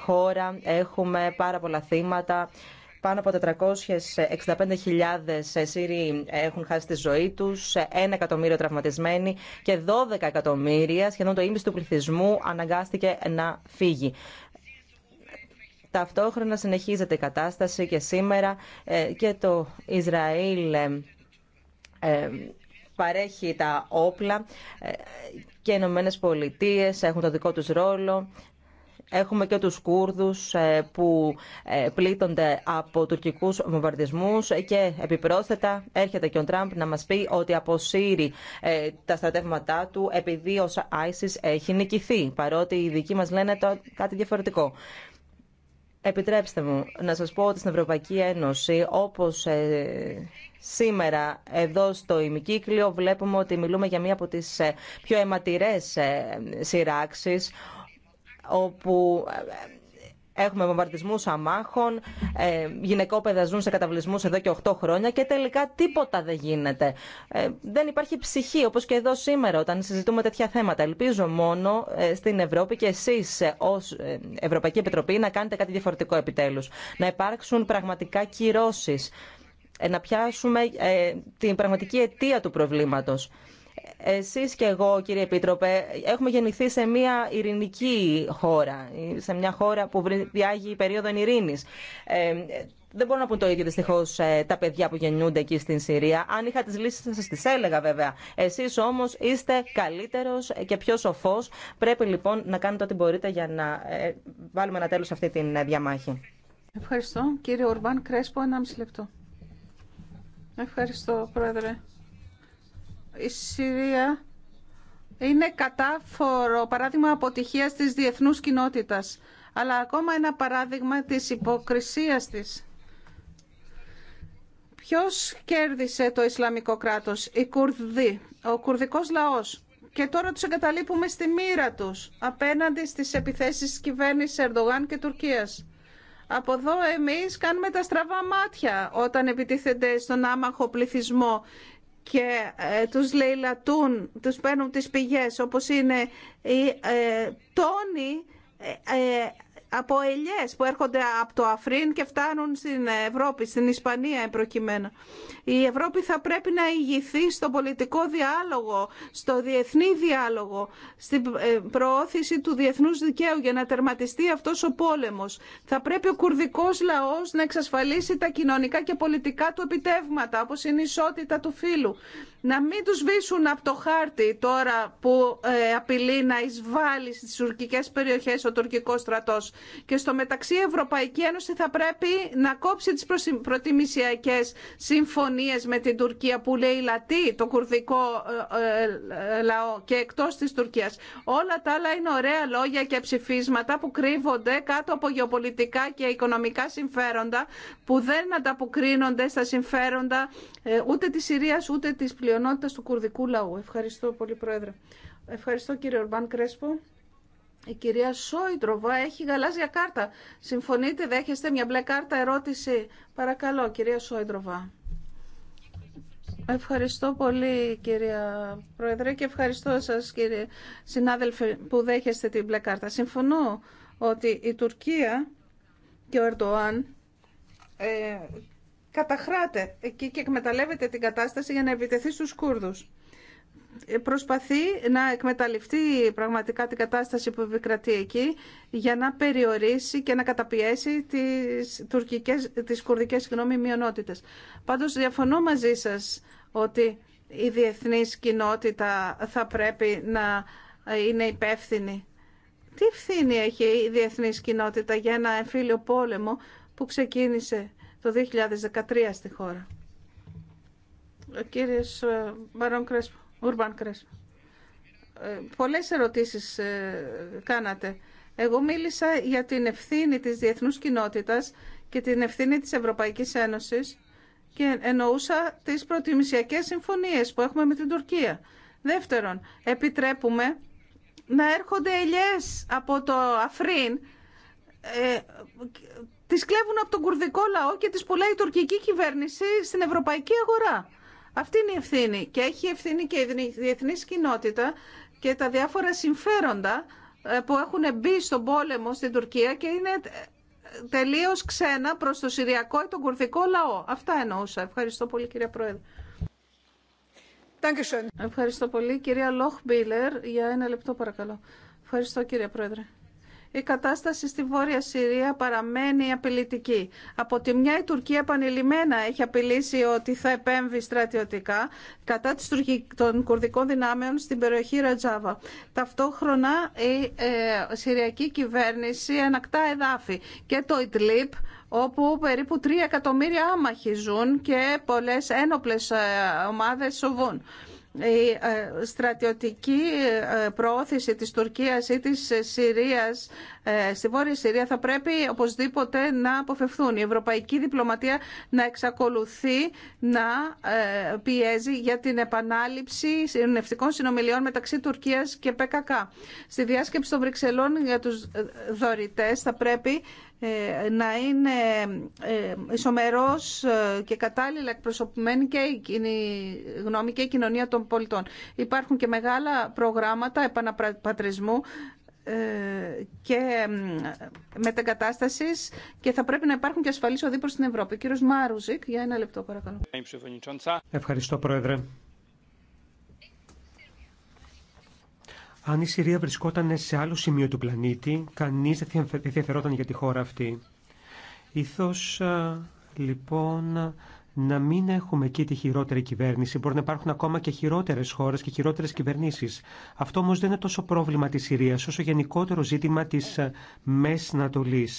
χώρα έχουμε πάρα πολλά θύματα πάνω από 465.000 Σύριοι έχουν χάσει τη ζωή του, 1 εκατομμύριο τραυματισμένοι και 12 εκατομμύρια, σχεδόν το ίμιση του πληθυσμού, αναγκάστηκε να φύγει. Ταυτόχρονα συνεχίζεται η κατάσταση και σήμερα ε, και το Ισραήλ ε, ε, παρέχει τα όπλα και οι Ηνωμένε Πολιτείε έχουν το δικό τους ρόλο Έχουμε και τους Κούρδους ε, που ε, πλήττονται από τουρκικούς βομβαρδισμούς και επιπρόσθετα έρχεται και ο Τραμπ να μας πει ότι αποσύρει ε, τα στρατεύματά του επειδή ο ISIS έχει νικηθεί, παρότι οι δικοί μας λένε το κάτι διαφορετικό. Επιτρέψτε μου να σας πω ότι στην Ευρωπαϊκή Ένωση, όπως σήμερα εδώ στο ημικύκλιο, βλέπουμε ότι μιλούμε για μία από τις πιο αιματηρές σειράξεις, όπου ε, ε, έχουμε βομβαρδισμούς αμάχων, ε, γυναικόπαιδα ζουν σε καταβλισμούς εδώ και 8 χρόνια και τελικά τίποτα δεν γίνεται. δεν υπάρχει ψυχή, όπως και εδώ σήμερα, όταν συζητούμε τέτοια θέματα. Ελπίζω μόνο στην Ευρώπη και εσείς ως Ευρωπαϊκή Επιτροπή να κάνετε κάτι διαφορετικό επιτέλους. Να υπάρξουν πραγματικά κυρώσεις, να πιάσουμε την πραγματική αιτία του προβλήματος εσείς και εγώ κύριε Επίτροπε έχουμε γεννηθεί σε μια ειρηνική χώρα, σε μια χώρα που διάγει περίοδο ειρήνης. Ε, δεν μπορώ να πούν το ίδιο δυστυχώ ε, τα παιδιά που γεννιούνται εκεί στην Συρία. Αν είχα τι λύσει, θα σα τι έλεγα βέβαια. Εσεί όμω είστε καλύτερο και πιο σοφό. Πρέπει λοιπόν να κάνετε ό,τι μπορείτε για να ε, βάλουμε ένα τέλο σε αυτή τη ε, διαμάχη. Ευχαριστώ. Κύριε Ορμπάν Κρέσπο, 1,5 λεπτό. Ευχαριστώ, Πρόεδρε η Συρία είναι κατάφορο παράδειγμα αποτυχίας της διεθνούς κοινότητας, αλλά ακόμα ένα παράδειγμα της υποκρισίας της. Ποιος κέρδισε το Ισλαμικό κράτος, οι Κουρδοί, ο κουρδικός λαός. Και τώρα τους εγκαταλείπουμε στη μοίρα τους, απέναντι στις επιθέσεις της κυβέρνησης Ερντογάν και Τουρκίας. Από εδώ εμείς κάνουμε τα στραβά μάτια όταν επιτίθενται στον άμαχο πληθυσμό και ε, τους λαιλατούν, τους παίρνουν τις πηγές όπως είναι οι ε, τόνοι ε, από ελιές που έρχονται από το Αφρίν και φτάνουν στην Ευρώπη, στην Ισπανία εμπροκειμένα. Η Ευρώπη θα πρέπει να ηγηθεί στο πολιτικό διάλογο, στο διεθνή διάλογο, στην ε, προώθηση του διεθνούς δικαίου για να τερματιστεί αυτός ο πόλεμος. Θα πρέπει ο κουρδικός λαός να εξασφαλίσει τα κοινωνικά και πολιτικά του επιτεύγματα, όπως είναι η ισότητα του φύλου. Να μην τους βήσουν από το χάρτη τώρα που ε, απειλεί να εισβάλλει στις τουρκικές περιοχές ο τουρκικός στρατός. Και στο μεταξύ η Ευρωπαϊκή Ένωση θα πρέπει να κόψει τις προτιμησιακές συμφωνίες συμφωνίε με την Τουρκία που λέει λατή το κουρδικό ε, ε, λαό και εκτό τη Τουρκία. Όλα τα άλλα είναι ωραία λόγια και ψηφίσματα που κρύβονται κάτω από γεωπολιτικά και οικονομικά συμφέροντα που δεν ανταποκρίνονται στα συμφέροντα ε, ούτε τη Συρίας ούτε τη πλειονότητα του κουρδικού λαού. Ευχαριστώ πολύ Πρόεδρε. Ευχαριστώ κύριε Ορμπάν Κρέσπο. Η κυρία Σόιτροβα έχει γαλάζια κάρτα. Συμφωνείτε, δέχεστε μια μπλε κάρτα ερώτηση. Παρακαλώ, κυρία Σόιτροβα. Ευχαριστώ πολύ κυρία Πρόεδρε και ευχαριστώ σας κύριε συνάδελφε που δέχεστε την μπλε κάρτα. Συμφωνώ ότι η Τουρκία και ο Ερντοάν ε, καταχράται εκεί και εκμεταλλεύεται την κατάσταση για να επιτεθεί στους Κούρδους. Ε, προσπαθεί να εκμεταλλευτεί πραγματικά την κατάσταση που επικρατεί εκεί για να περιορίσει και να καταπιέσει τις, τουρκικές, τις κουρδικές συγγνώμη, μειονότητες. Πάντως διαφωνώ μαζί σας ότι η διεθνής κοινότητα θα πρέπει να είναι υπεύθυνη. Τι ευθύνη έχει η διεθνής κοινότητα για ένα εμφύλιο πόλεμο που ξεκίνησε το 2013 στη χώρα. Ο κύριος ε, Μπαρόν Ουρμπαν ε, Πολλές ερωτήσεις ε, κάνατε. Εγώ μίλησα για την ευθύνη της διεθνούς κοινότητας και την ευθύνη της Ευρωπαϊκής Ένωσης και εννοούσα τις προτιμησιακές συμφωνίες που έχουμε με την Τουρκία. Δεύτερον, επιτρέπουμε να έρχονται ελιές από το Αφρίν, ε, τις κλέβουν από τον κουρδικό λαό και τις πουλάει η τουρκική κυβέρνηση στην ευρωπαϊκή αγορά. Αυτή είναι η ευθύνη και έχει ευθύνη και η διεθνή κοινότητα και τα διάφορα συμφέροντα ε, που έχουν μπει στον πόλεμο στην Τουρκία και είναι ε, Τελείω ξένα προς το Συριακό ή τον Κουρδικό λαό. Αυτά εννοούσα. Ευχαριστώ πολύ κυρία Πρόεδρε. Ευχαριστώ πολύ κυρία Μπίλερ για ένα λεπτό παρακαλώ. Ευχαριστώ κύριε Πρόεδρε η κατάσταση στη Βόρεια Συρία παραμένει απειλητική. Από τη μια η Τουρκία επανειλημμένα έχει απειλήσει ότι θα επέμβει στρατιωτικά κατά των κουρδικών δυνάμεων στην περιοχή Ρατζάβα. Ταυτόχρονα η ε, Συριακή κυβέρνηση ανακτά εδάφη και το Ιτλίπ όπου περίπου 3 εκατομμύρια άμαχοι ζουν και πολλές ένοπλες ε, ομάδες σοβούν η ε, στρατιωτική ε, προώθηση της Τουρκίας ή της Συρίας ε, στη Βόρεια Συρία θα πρέπει οπωσδήποτε να αποφευθούν. Η ευρωπαϊκή διπλωματία να εξακολουθεί να πιέζει για την επανάληψη συνευτικών συνομιλιών μεταξύ Τουρκίας και ΠΚΚ. Στη διάσκεψη των Βρυξελών για τους δωρητές θα πρέπει να είναι ισομερός και κατάλληλα εκπροσωπημένη και η γνώμη και η κοινωνία των Υπάρχουν και μεγάλα προγράμματα επαναπατρισμού ε, και μετεγκατάστασης και θα πρέπει να υπάρχουν και ασφαλείς οδοί στην Ευρώπη. Κύριο κύριος Μάρουζικ, για ένα λεπτό παρακαλώ. Ευχαριστώ Πρόεδρε. Αν η Συρία βρισκόταν σε άλλο σημείο του πλανήτη, κανείς δεν ενδιαφερόταν για τη χώρα αυτή. Ήθος ε, λοιπόν να μην έχουμε εκεί τη χειρότερη κυβέρνηση. Μπορεί να υπάρχουν ακόμα και χειρότερε χώρε και χειρότερε κυβερνήσει. Αυτό όμω δεν είναι τόσο πρόβλημα τη Συρία, όσο γενικότερο ζήτημα τη ε, Μέση Ανατολή.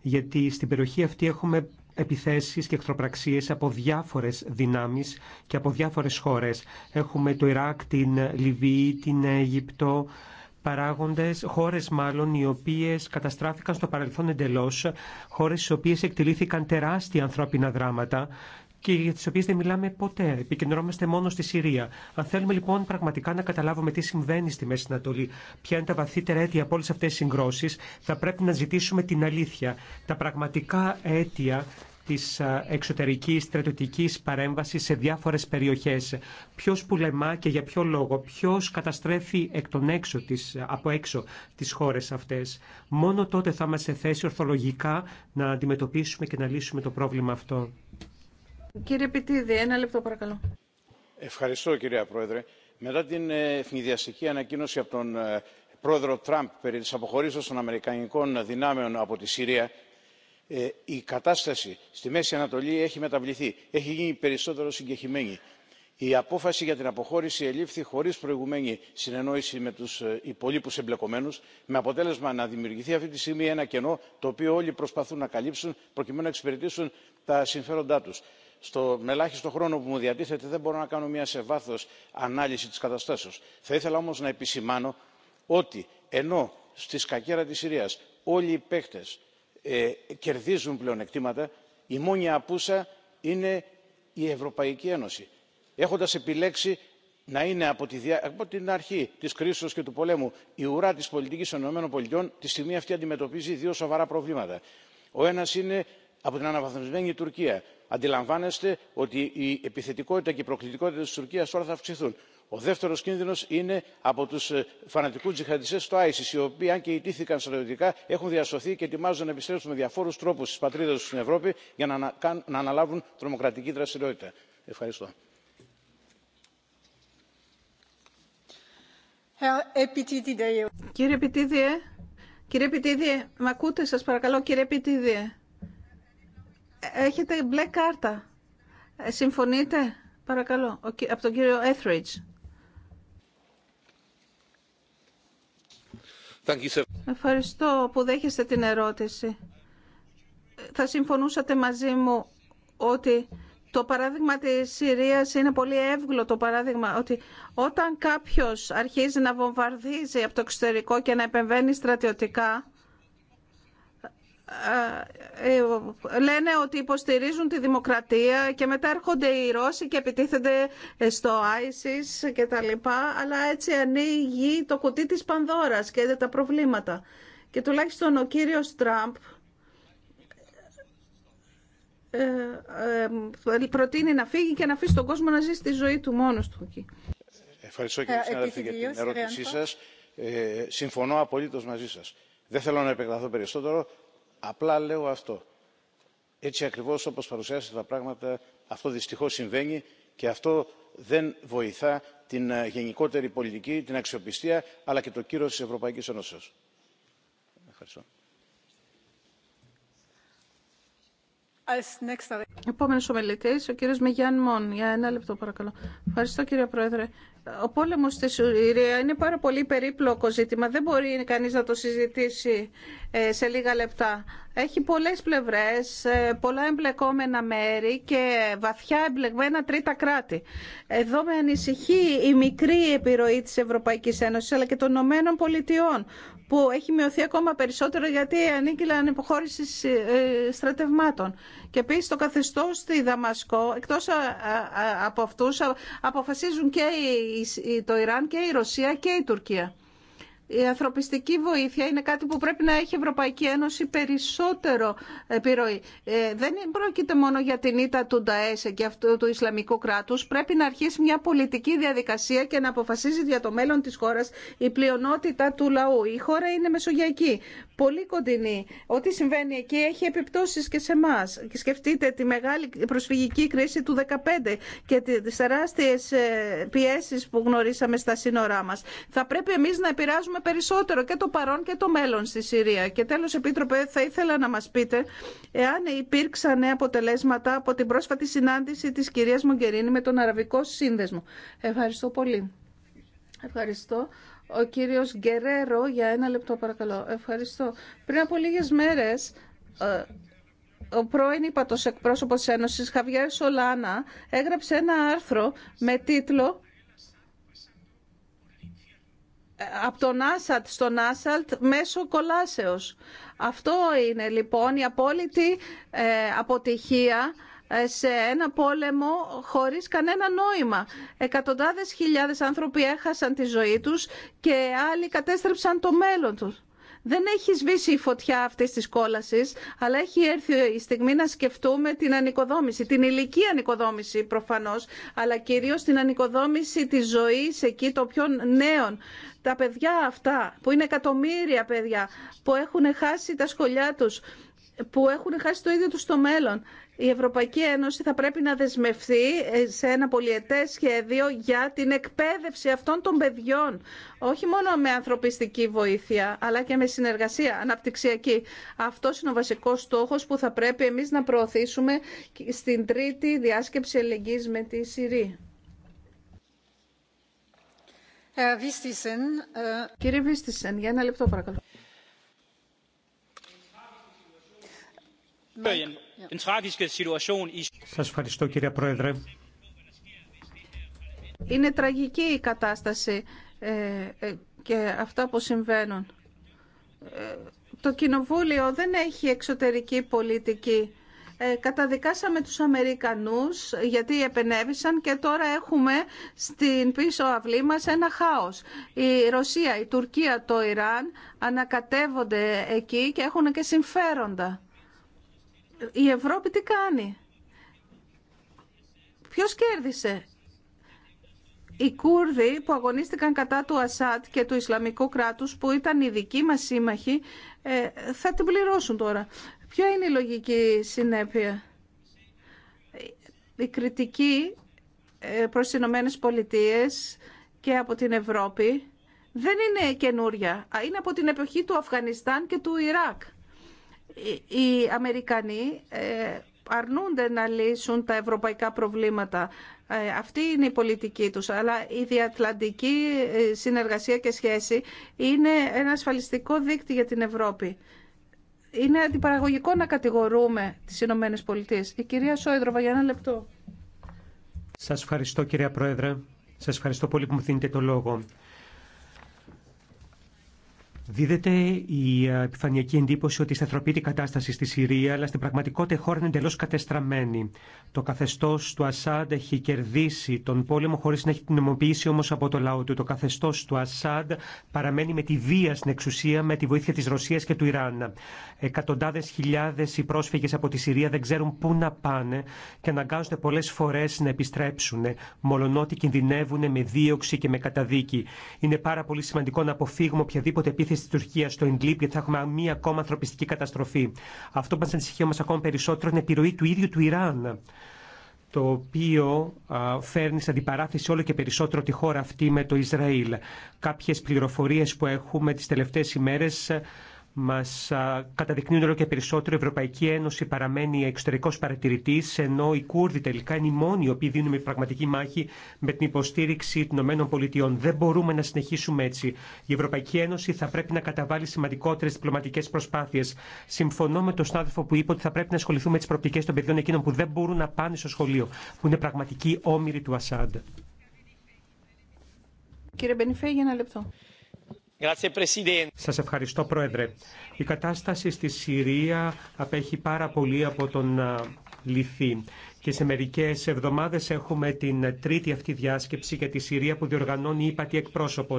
Γιατί στην περιοχή αυτή έχουμε επιθέσεις και εχθροπραξίες από διάφορες δυνάμεις και από διάφορες χώρες. Έχουμε το Ιράκ, την Λιβύη, την Αίγυπτο, παράγοντες, χώρες μάλλον οι οποίες καταστράφηκαν στο παρελθόν εντελώς, χώρες στις οποίες εκτελήθηκαν τεράστια ανθρώπινα δράματα και για τις οποίες δεν μιλάμε ποτέ. Επικεντρώμαστε μόνο στη Συρία. Αν θέλουμε λοιπόν πραγματικά να καταλάβουμε τι συμβαίνει στη Μέση Ανατολή, ποια είναι τα βαθύτερα αίτια από όλες αυτές τις συγκρόσεις, θα πρέπει να ζητήσουμε την αλήθεια, τα πραγματικά αίτια της εξωτερικής στρατιωτικής παρέμβασης σε διάφορες περιοχές. Ποιος πουλεμά και για ποιο λόγο, ποιος καταστρέφει εκ από έξω τις χώρες αυτές. Μόνο τότε θα είμαστε σε θέση ορθολογικά να αντιμετωπίσουμε και να λύσουμε το πρόβλημα αυτό. Κύριε Πιτίδη, ένα λεπτό παρακαλώ. Ευχαριστώ κυρία Πρόεδρε. Μετά την ε, ευνηδιαστική ανακοίνωση από τον ε, πρόεδρο Τραμπ περί της αποχωρήσεως των Αμερικανικών δυνάμεων από τη Συρία ε, η κατάσταση στη μέση ανατολή έχει μεταβληθεί έχει γίνει περισσότερο συγκεκριμένη. η απόφαση για την αποχώρηση ελήφθη χωρίς προηγούμενη συνεννόηση με τους ε, υπολείπους εμπλεκομένους με αποτέλεσμα να δημιουργηθεί αυτή τη στιγμή ένα κενό το οποίο όλοι προσπαθούν να καλύψουν προκειμένου να εξυπηρετήσουν τα συμφέροντά τους. Στον ελάχιστο χρόνο που μου διατίθεται δεν μπορώ να κάνω μια σε βάθος ανάλυση της καταστάσεως. Θα ήθελα όμως να επισημάνω ότι ενώ στη σκακέρα της Συρίας όλοι οι παίκτες ε, κερδίζουν πλεονεκτήματα η μόνη απούσα είναι η ευρωπαϊκή ένωση έχοντας επιλέξει να είναι από την αρχή της κρίσεως και του πολέμου η ουρά της πολιτικής των ηνωμένων πολιτειών τη στιγμή αυτή αντιμετωπίζει δύο σοβαρά προβλήματα. ο ένας είναι από την αναβαθμισμένη τουρκία. αντιλαμβάνεστε ότι η επιθετικότητα και η προκλητικότητα της τουρκίας τώρα θα αυξηθούν ο δεύτερο κίνδυνο είναι από του ε, φανατικού τζιχαντιστέ του isis οι οποίοι αν και ιτήθηκαν στρατιωτικά έχουν διασωθεί και ετοιμάζονται να επιστρέψουν με διαφόρου τρόπου στι πατρίδε του στην ευρώπη για να αναλάβουν τρομοκρατική δραστηριότητα. ευχαριστώ. Κύριε Επίτηδε, κύριε Επίτηδε, με ακούτε σας παρακαλώ κύριε Επιτίδιε. Έχετε μπλε κάρτα. Ε, συμφωνείτε, παρακαλώ, από τον κύριο Έθριτζ. Ευχαριστώ που δέχεστε την ερώτηση. Θα συμφωνούσατε μαζί μου ότι το παράδειγμα της Συρίας είναι πολύ το παράδειγμα ότι όταν κάποιος αρχίζει να βομβαρδίζει από το εξωτερικό και να επεμβαίνει στρατιωτικά ε, ε, λένε ότι υποστηρίζουν τη δημοκρατία και μετά έρχονται οι Ρώσοι και επιτίθενται στο ISIS και τα λοιπά, αλλά έτσι ανοίγει το κουτί της Πανδώρας και τα προβλήματα. Και τουλάχιστον ο κύριος Τραμπ ε, προτείνει να φύγει και να αφήσει τον κόσμο να ζήσει τη ζωή του μόνος του εκεί. Ευχαριστώ κύριε συνάδελφε για την ερώτησή σας. Ε, συμφωνώ απολύτως μαζί σας. Δεν θέλω να επεκταθώ περισσότερο απλά λέω αυτό. Έτσι ακριβώς όπως παρουσιάσατε τα πράγματα, αυτό δυστυχώς συμβαίνει και αυτό δεν βοηθά την ε, γενικότερη πολιτική, την αξιοπιστία, αλλά και το κύρος της Ευρωπαϊκής Ένωσης. Ευχαριστώ. Επόμενος ομιλητής, ο κύριος Μεγιάν Μόν. Για ένα λεπτό παρακαλώ. Ευχαριστώ κύριε Πρόεδρε. Ο πόλεμος στη Συρία είναι πάρα πολύ περίπλοκο ζήτημα. Δεν μπορεί κανείς να το συζητήσει ε, σε λίγα λεπτά. Έχει πολλές πλευρές, ε, πολλά εμπλεκόμενα μέρη και βαθιά εμπλεγμένα τρίτα κράτη. Εδώ με ανησυχεί η μικρή επιρροή της Ευρωπαϊκής Ένωσης αλλά και των Ηνωμένων Πολιτειών που έχει μειωθεί ακόμα περισσότερο γιατί ανήκειλαν υποχώρηση ε, στρατευμάτων. Και επίση το καθεστώ στη Δαμασκό, εκτό από αυτού, αποφασίζουν και το Ιράν και η Ρωσία και η Τουρκία. Η ανθρωπιστική βοήθεια είναι κάτι που πρέπει να έχει η Ευρωπαϊκή Ένωση περισσότερο ε, επιρροή. Ε, δεν πρόκειται μόνο για την ήττα του Νταέσε και αυτού του Ισλαμικού κράτους. Πρέπει να αρχίσει μια πολιτική διαδικασία και να αποφασίζει για το μέλλον της χώρας η πλειονότητα του λαού. Η χώρα είναι μεσογειακή πολύ κοντινή. Ό,τι συμβαίνει εκεί έχει επιπτώσεις και σε εμά. Και σκεφτείτε τη μεγάλη προσφυγική κρίση του 2015 και τις τεράστιες ε, πιέσεις που γνωρίσαμε στα σύνορά μας. Θα πρέπει εμείς να επηρεάζουμε περισσότερο και το παρόν και το μέλλον στη Συρία. Και τέλος, Επίτροπε, θα ήθελα να μας πείτε εάν υπήρξαν αποτελέσματα από την πρόσφατη συνάντηση της κυρίας Μογκερίνη με τον Αραβικό Σύνδεσμο. Ευχαριστώ πολύ. Ευχαριστώ. Ο κύριος Γκερέρο, για ένα λεπτό παρακαλώ. Ευχαριστώ. Πριν από λίγες μέρες, ε, ο πρώην υπατός εκπρόσωπος της Ένωσης, Χαβιέρ Σολάνα, έγραψε ένα άρθρο με τίτλο ε, από τον Άσαλτ στον Άσαλτ μέσω κολάσεως. Αυτό είναι λοιπόν η απόλυτη ε, αποτυχία σε ένα πόλεμο χωρίς κανένα νόημα. Εκατοντάδες χιλιάδες άνθρωποι έχασαν τη ζωή τους και άλλοι κατέστρεψαν το μέλλον τους. Δεν έχει σβήσει η φωτιά αυτή τη κόλαση, αλλά έχει έρθει η στιγμή να σκεφτούμε την ανοικοδόμηση, την ηλική ανοικοδόμηση προφανώ, αλλά κυρίω την ανοικοδόμηση τη ζωή εκεί των πιο νέων. Τα παιδιά αυτά, που είναι εκατομμύρια παιδιά, που έχουν χάσει τα σχολιά του, που έχουν χάσει το ίδιο του το μέλλον η Ευρωπαϊκή Ένωση θα πρέπει να δεσμευθεί ε, σε ένα πολιετές σχέδιο για την εκπαίδευση αυτών των παιδιών. Όχι μόνο με ανθρωπιστική βοήθεια, αλλά και με συνεργασία αναπτυξιακή. Αυτό είναι ο βασικός στόχος που θα πρέπει εμείς να προωθήσουμε στην τρίτη διάσκεψη ελεγγύης με τη ΣΥΡΙ. Ε, Κύριε Βίστησεν, για ένα λεπτό παρακαλώ. Σα ευχαριστώ κύριε Πρόεδρε. Είναι τραγική η κατάσταση ε, ε, και αυτά που συμβαίνουν. Ε, το Κοινοβούλιο δεν έχει εξωτερική πολιτική. Καταδικάσαμε τους Αμερικανούς γιατί επενέβησαν και τώρα έχουμε στην πίσω αυλή μας ένα χάος. Η Ρωσία, η Τουρκία, το Ιράν ανακατεύονται εκεί και έχουν και συμφέροντα η Ευρώπη τι κάνει. Ποιος κέρδισε. Οι Κούρδοι που αγωνίστηκαν κατά του Ασάτ και του Ισλαμικού κράτους που ήταν οι δικοί μας σύμμαχοι ε, θα την πληρώσουν τώρα. Ποια είναι η λογική συνέπεια. Η κριτική ε, προς τις Ηνωμένες Πολιτείες και από την Ευρώπη δεν είναι καινούρια. Είναι από την εποχή του Αφγανιστάν και του Ιράκ οι Αμερικανοί ε, αρνούνται να λύσουν τα ευρωπαϊκά προβλήματα. Ε, αυτή είναι η πολιτική τους, αλλά η διατλαντική ε, συνεργασία και σχέση είναι ένα ασφαλιστικό δίκτυο για την Ευρώπη. Είναι αντιπαραγωγικό να κατηγορούμε τις Ηνωμένες Πολιτείες. Η κυρία Σόιδροβα, για ένα λεπτό. Σας ευχαριστώ κυρία Πρόεδρε. Σας ευχαριστώ πολύ που μου δίνετε το λόγο. Δίδεται η ε, επιφανειακή εντύπωση ότι η η κατάσταση στη Συρία, αλλά στην πραγματικότητα η χώρα είναι εντελώ κατεστραμμένη. Το καθεστώ του Ασάντ έχει κερδίσει τον πόλεμο χωρί να έχει την νομοποιήσει όμω από το λαό του. Το καθεστώ του Ασάντ παραμένει με τη βία στην εξουσία με τη βοήθεια τη Ρωσία και του Ιράν. Εκατοντάδε χιλιάδε οι πρόσφυγε από τη Συρία δεν ξέρουν πού να πάνε και αναγκάζονται πολλέ φορέ να επιστρέψουν, μολονότι κινδυνεύουν με δίωξη και με καταδίκη. Είναι πάρα πολύ σημαντικό να αποφύγουμε οποιαδήποτε επίθεση της Τουρκία, στο Ιντλίπ γιατί θα έχουμε μία ακόμα ανθρωπιστική καταστροφή. Αυτό που μας ανησυχεί όμως ακόμα περισσότερο είναι η επιρροή του ίδιου του Ιράν το οποίο φέρνει σε αντιπαράθεση όλο και περισσότερο τη χώρα αυτή με το Ισραήλ. Κάποιες πληροφορίες που έχουμε τις τελευταίες ημέρες Μα καταδεικνύουν όλο και περισσότερο η Ευρωπαϊκή Ένωση παραμένει εξωτερικό παρατηρητή, ενώ οι Κούρδοι τελικά είναι οι μόνοι οι οποίοι δίνουν πραγματική μάχη με την υποστήριξη των ΗΠΑ. Δεν μπορούμε να συνεχίσουμε έτσι. Η Ευρωπαϊκή Ένωση θα πρέπει να καταβάλει σημαντικότερε διπλωματικέ προσπάθειε. Συμφωνώ με τον συνάδελφο που είπε ότι θα πρέπει να ασχοληθούμε με τι προοπτικέ των παιδιών εκείνων που δεν μπορούν να πάνε στο σχολείο, που είναι πραγματικοί όμοιροι του Ασάντ. Κύριε Μπενιφέ, για ένα λεπτό. Σας ευχαριστώ Πρόεδρε. Η κατάσταση στη Συρία απέχει πάρα πολύ από τον λυθεί και σε μερικέ εβδομάδε έχουμε την τρίτη αυτή διάσκεψη για τη Συρία που διοργανώνει η ύπατη εκπρόσωπο.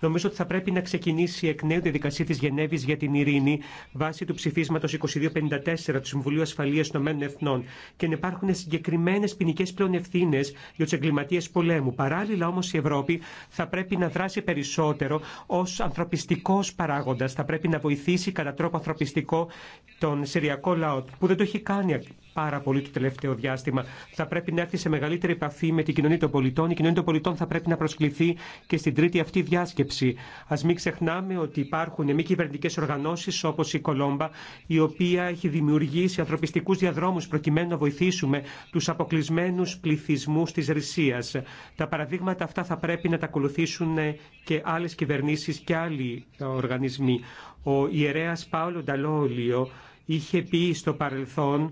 Νομίζω ότι θα πρέπει να ξεκινήσει εκ νέου τη δικασία τη Γενέβη για την ειρήνη βάσει του ψηφίσματο 2254 του Συμβουλίου Ασφαλεία των Ηνωμένων Εθνών και να υπάρχουν συγκεκριμένε ποινικέ πλέον ευθύνε για του εγκληματίε πολέμου. Παράλληλα όμω η Ευρώπη θα πρέπει να δράσει περισσότερο ω ανθρωπιστικό παράγοντα. Θα πρέπει να βοηθήσει κατά τρόπο ανθρωπιστικό τον Συριακό λαό που δεν το έχει κάνει πάρα πολύ το τελευταίο διάστημα. Θα πρέπει να έρθει σε μεγαλύτερη επαφή με την κοινωνία των πολιτών. Η κοινωνία των πολιτών θα πρέπει να προσκληθεί και στην τρίτη αυτή διάσκεψη. Α μην ξεχνάμε ότι υπάρχουν μη κυβερνητικέ οργανώσει όπω η Κολόμπα, η οποία έχει δημιουργήσει ανθρωπιστικού διαδρόμου προκειμένου να βοηθήσουμε του αποκλεισμένου πληθυσμού τη Ρησία. Τα παραδείγματα αυτά θα πρέπει να τα ακολουθήσουν και άλλε κυβερνήσει και άλλοι οργανισμοί. Ο Ιερέα Παύλο Νταλόλιο είχε πει στο παρελθόν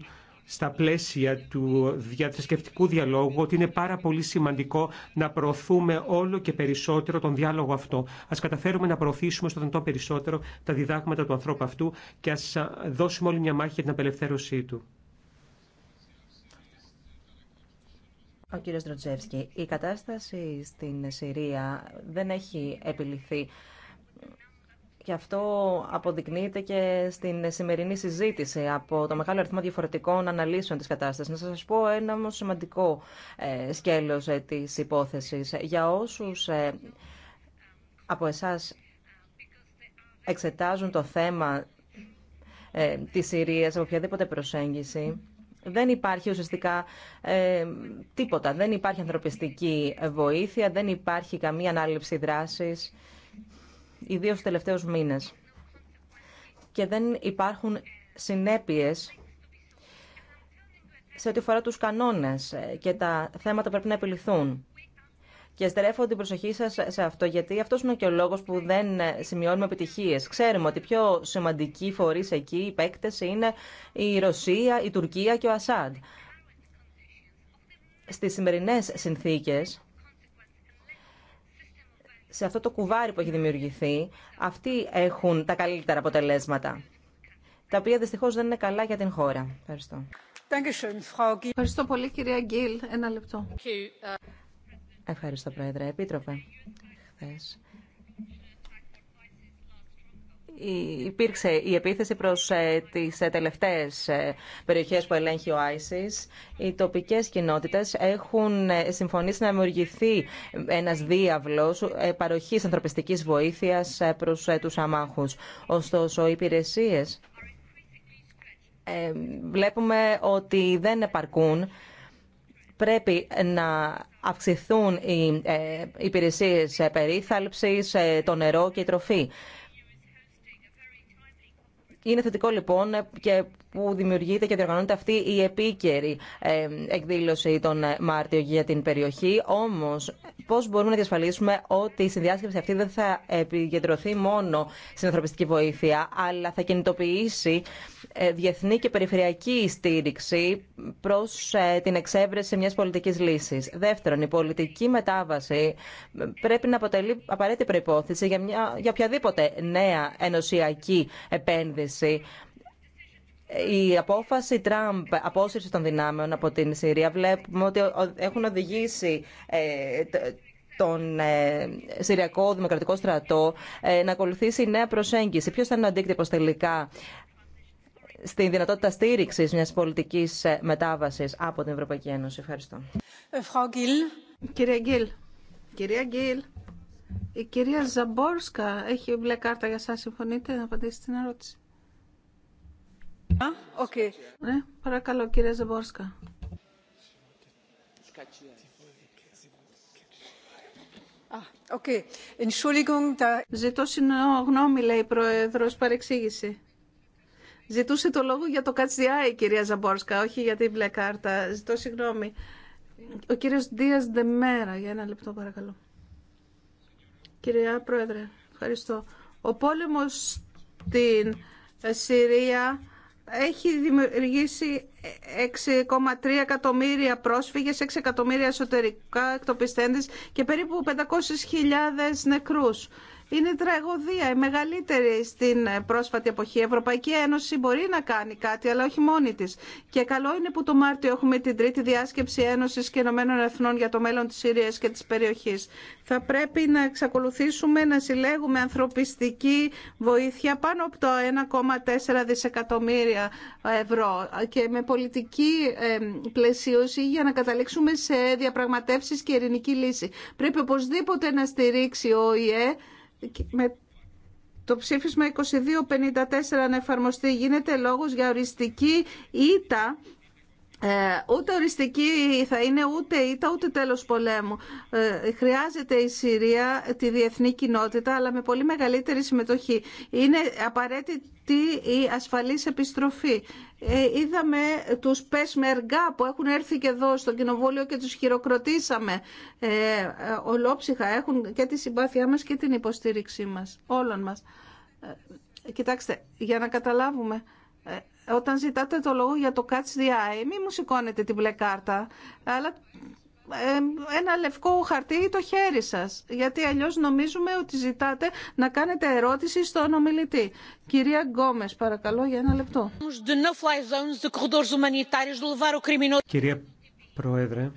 στα πλαίσια του διαθρησκευτικού διαλόγου ότι είναι πάρα πολύ σημαντικό να προωθούμε όλο και περισσότερο τον διάλογο αυτό. Α καταφέρουμε να προωθήσουμε στον τόπο περισσότερο τα διδάγματα του ανθρώπου αυτού και α δώσουμε όλη μια μάχη για την απελευθέρωσή του. Ο κύριος Ντροτζεύσκη, η κατάσταση στην Συρία δεν έχει επιληθεί. Και αυτό αποδεικνύεται και στην σημερινή συζήτηση από το μεγάλο αριθμό διαφορετικών αναλύσεων της κατάστασης. Να σας πω ένα όμως σημαντικό ε, σκέλος ε, της υπόθεσης. Για όσους ε, από εσάς εξετάζουν το θέμα της Συρίας από οποιαδήποτε προσέγγιση, δεν υπάρχει ουσιαστικά τίποτα. Δεν υπάρχει ανθρωπιστική βοήθεια, δεν υπάρχει καμία ανάληψη δράσης Ιδίω του τελευταίους μήνε. Και δεν υπάρχουν συνέπειες σε ό,τι αφορά τους κανόνες και τα θέματα πρέπει να επιληθούν. Και στρέφω την προσοχή σα σε αυτό, γιατί αυτό είναι και ο λόγο που δεν σημειώνουμε επιτυχίε. Ξέρουμε ότι πιο σημαντικοί φορεί εκεί, η παίκτε, είναι η Ρωσία, η Τουρκία και ο Ασάντ. Στι σημερινέ συνθήκε, σε αυτό το κουβάρι που έχει δημιουργηθεί, αυτοί έχουν τα καλύτερα αποτελέσματα, τα οποία δυστυχώ δεν είναι καλά για την χώρα. Ευχαριστώ. Ευχαριστώ πολύ, κυρία Γκίλ. Ένα λεπτό. Ευχαριστώ, Πρόεδρε. Επίτροπε, χθες υπήρξε η επίθεση προς ε, τις ε, τελευταίες ε, περιοχές που ελέγχει ο ISIS. Οι τοπικές κοινότητες έχουν συμφωνήσει να δημιουργηθεί ένας διάβλος παροχής ανθρωπιστικής βοήθειας προς τους αμάχους. Ωστόσο, οι υπηρεσίες βλέπουμε ότι δεν επαρκούν. Πρέπει να αυξηθούν οι υπηρεσίες περίθαλψης, το νερό και η τροφή. Είναι θετικό λοιπόν και που δημιουργείται και διοργανώνεται αυτή η επίκαιρη ε, εκδήλωση τον ε, Μάρτιο για την περιοχή. Όμω, πώ μπορούμε να διασφαλίσουμε ότι η συνδιάσκεψη αυτή δεν θα επικεντρωθεί μόνο στην ανθρωπιστική βοήθεια, αλλά θα κινητοποιήσει ε, διεθνή και περιφερειακή στήριξη προ την εξέβρεση μια πολιτική λύση. Δεύτερον, η πολιτική μετάβαση πρέπει να αποτελεί απαραίτητη προπόθεση για, για οποιαδήποτε νέα ενωσιακή επένδυση η απόφαση Τραμπ απόσυρση των δυνάμεων από την Συρία βλέπουμε ότι έχουν οδηγήσει ε, τον ε, Συριακό Δημοκρατικό Στρατό ε, να ακολουθήσει νέα προσέγγιση. Ποιος θα είναι ο αντίκτυπος τελικά στη δυνατότητα στήριξης μιας πολιτικής μετάβασης από την Ευρωπαϊκή Ένωση. Ευχαριστώ. Κυρία Γκίλ. Κυρία Η κυρία Ζαμπόρσκα έχει μπλε κάρτα για σας. Συμφωνείτε να απαντήσετε στην ερώτηση. Ναι, παρακαλώ κύριε Ζεμπόρσκα. Ζητώ συγγνώμη, λέει η πρόεδρο παρεξήγηση. Ζητούσε το λόγο για το Κατσιάη, κυρία Ζαμπόρσκα, όχι για την μπλε κάρτα. Ζητώ συγγνώμη. Ο κύριο Δία Δεμέρα, για ένα λεπτό παρακαλώ. Κυρία Πρόεδρε, ευχαριστώ. Ο πόλεμο στην Συρία έχει δημιουργήσει 6,3 εκατομμύρια πρόσφυγες, 6 εκατομμύρια εσωτερικά εκτοπιστέντες και περίπου 500.000 νεκρούς είναι τραγωδία, η μεγαλύτερη στην πρόσφατη εποχή. Η Ευρωπαϊκή Ένωση μπορεί να κάνει κάτι, αλλά όχι μόνη τη. Και καλό είναι που το Μάρτιο έχουμε την τρίτη διάσκεψη Ένωση και Ηνωμένων Εθνών για το μέλλον τη Συρία και τη περιοχή. Θα πρέπει να εξακολουθήσουμε να συλλέγουμε ανθρωπιστική βοήθεια πάνω από το 1,4 δισεκατομμύρια ευρώ και με πολιτική πλαισίωση για να καταλήξουμε σε διαπραγματεύσει και ειρηνική λύση. Πρέπει οπωσδήποτε να στηρίξει ο ΙΕ το ψήφισμα 2254 να εφαρμοστεί γίνεται λόγος για οριστική ήττα ε, ούτε οριστική θα είναι ούτε ήττα ούτε τέλος πολέμου. Ε, χρειάζεται η Συρία τη διεθνή κοινότητα αλλά με πολύ μεγαλύτερη συμμετοχή. Είναι απαραίτητη η ασφαλής επιστροφή. Ε, είδαμε τους εργά που έχουν έρθει και εδώ στο κοινοβούλιο και τους χειροκροτήσαμε. Ε, ολόψυχα έχουν και τη συμπάθειά μας και την υποστήριξή μας, όλων μας. κοιτάξτε, για να καταλάβουμε όταν ζητάτε το λόγο για το Catch the Eye, μη μου σηκώνετε την μπλε κάρτα, αλλά ένα λευκό χαρτί ή το χέρι σας. Γιατί αλλιώς νομίζουμε ότι ζητάτε να κάνετε ερώτηση στον ομιλητή. Κυρία Γκόμες, παρακαλώ για ένα λεπτό. Κυρία Πρόεδρε,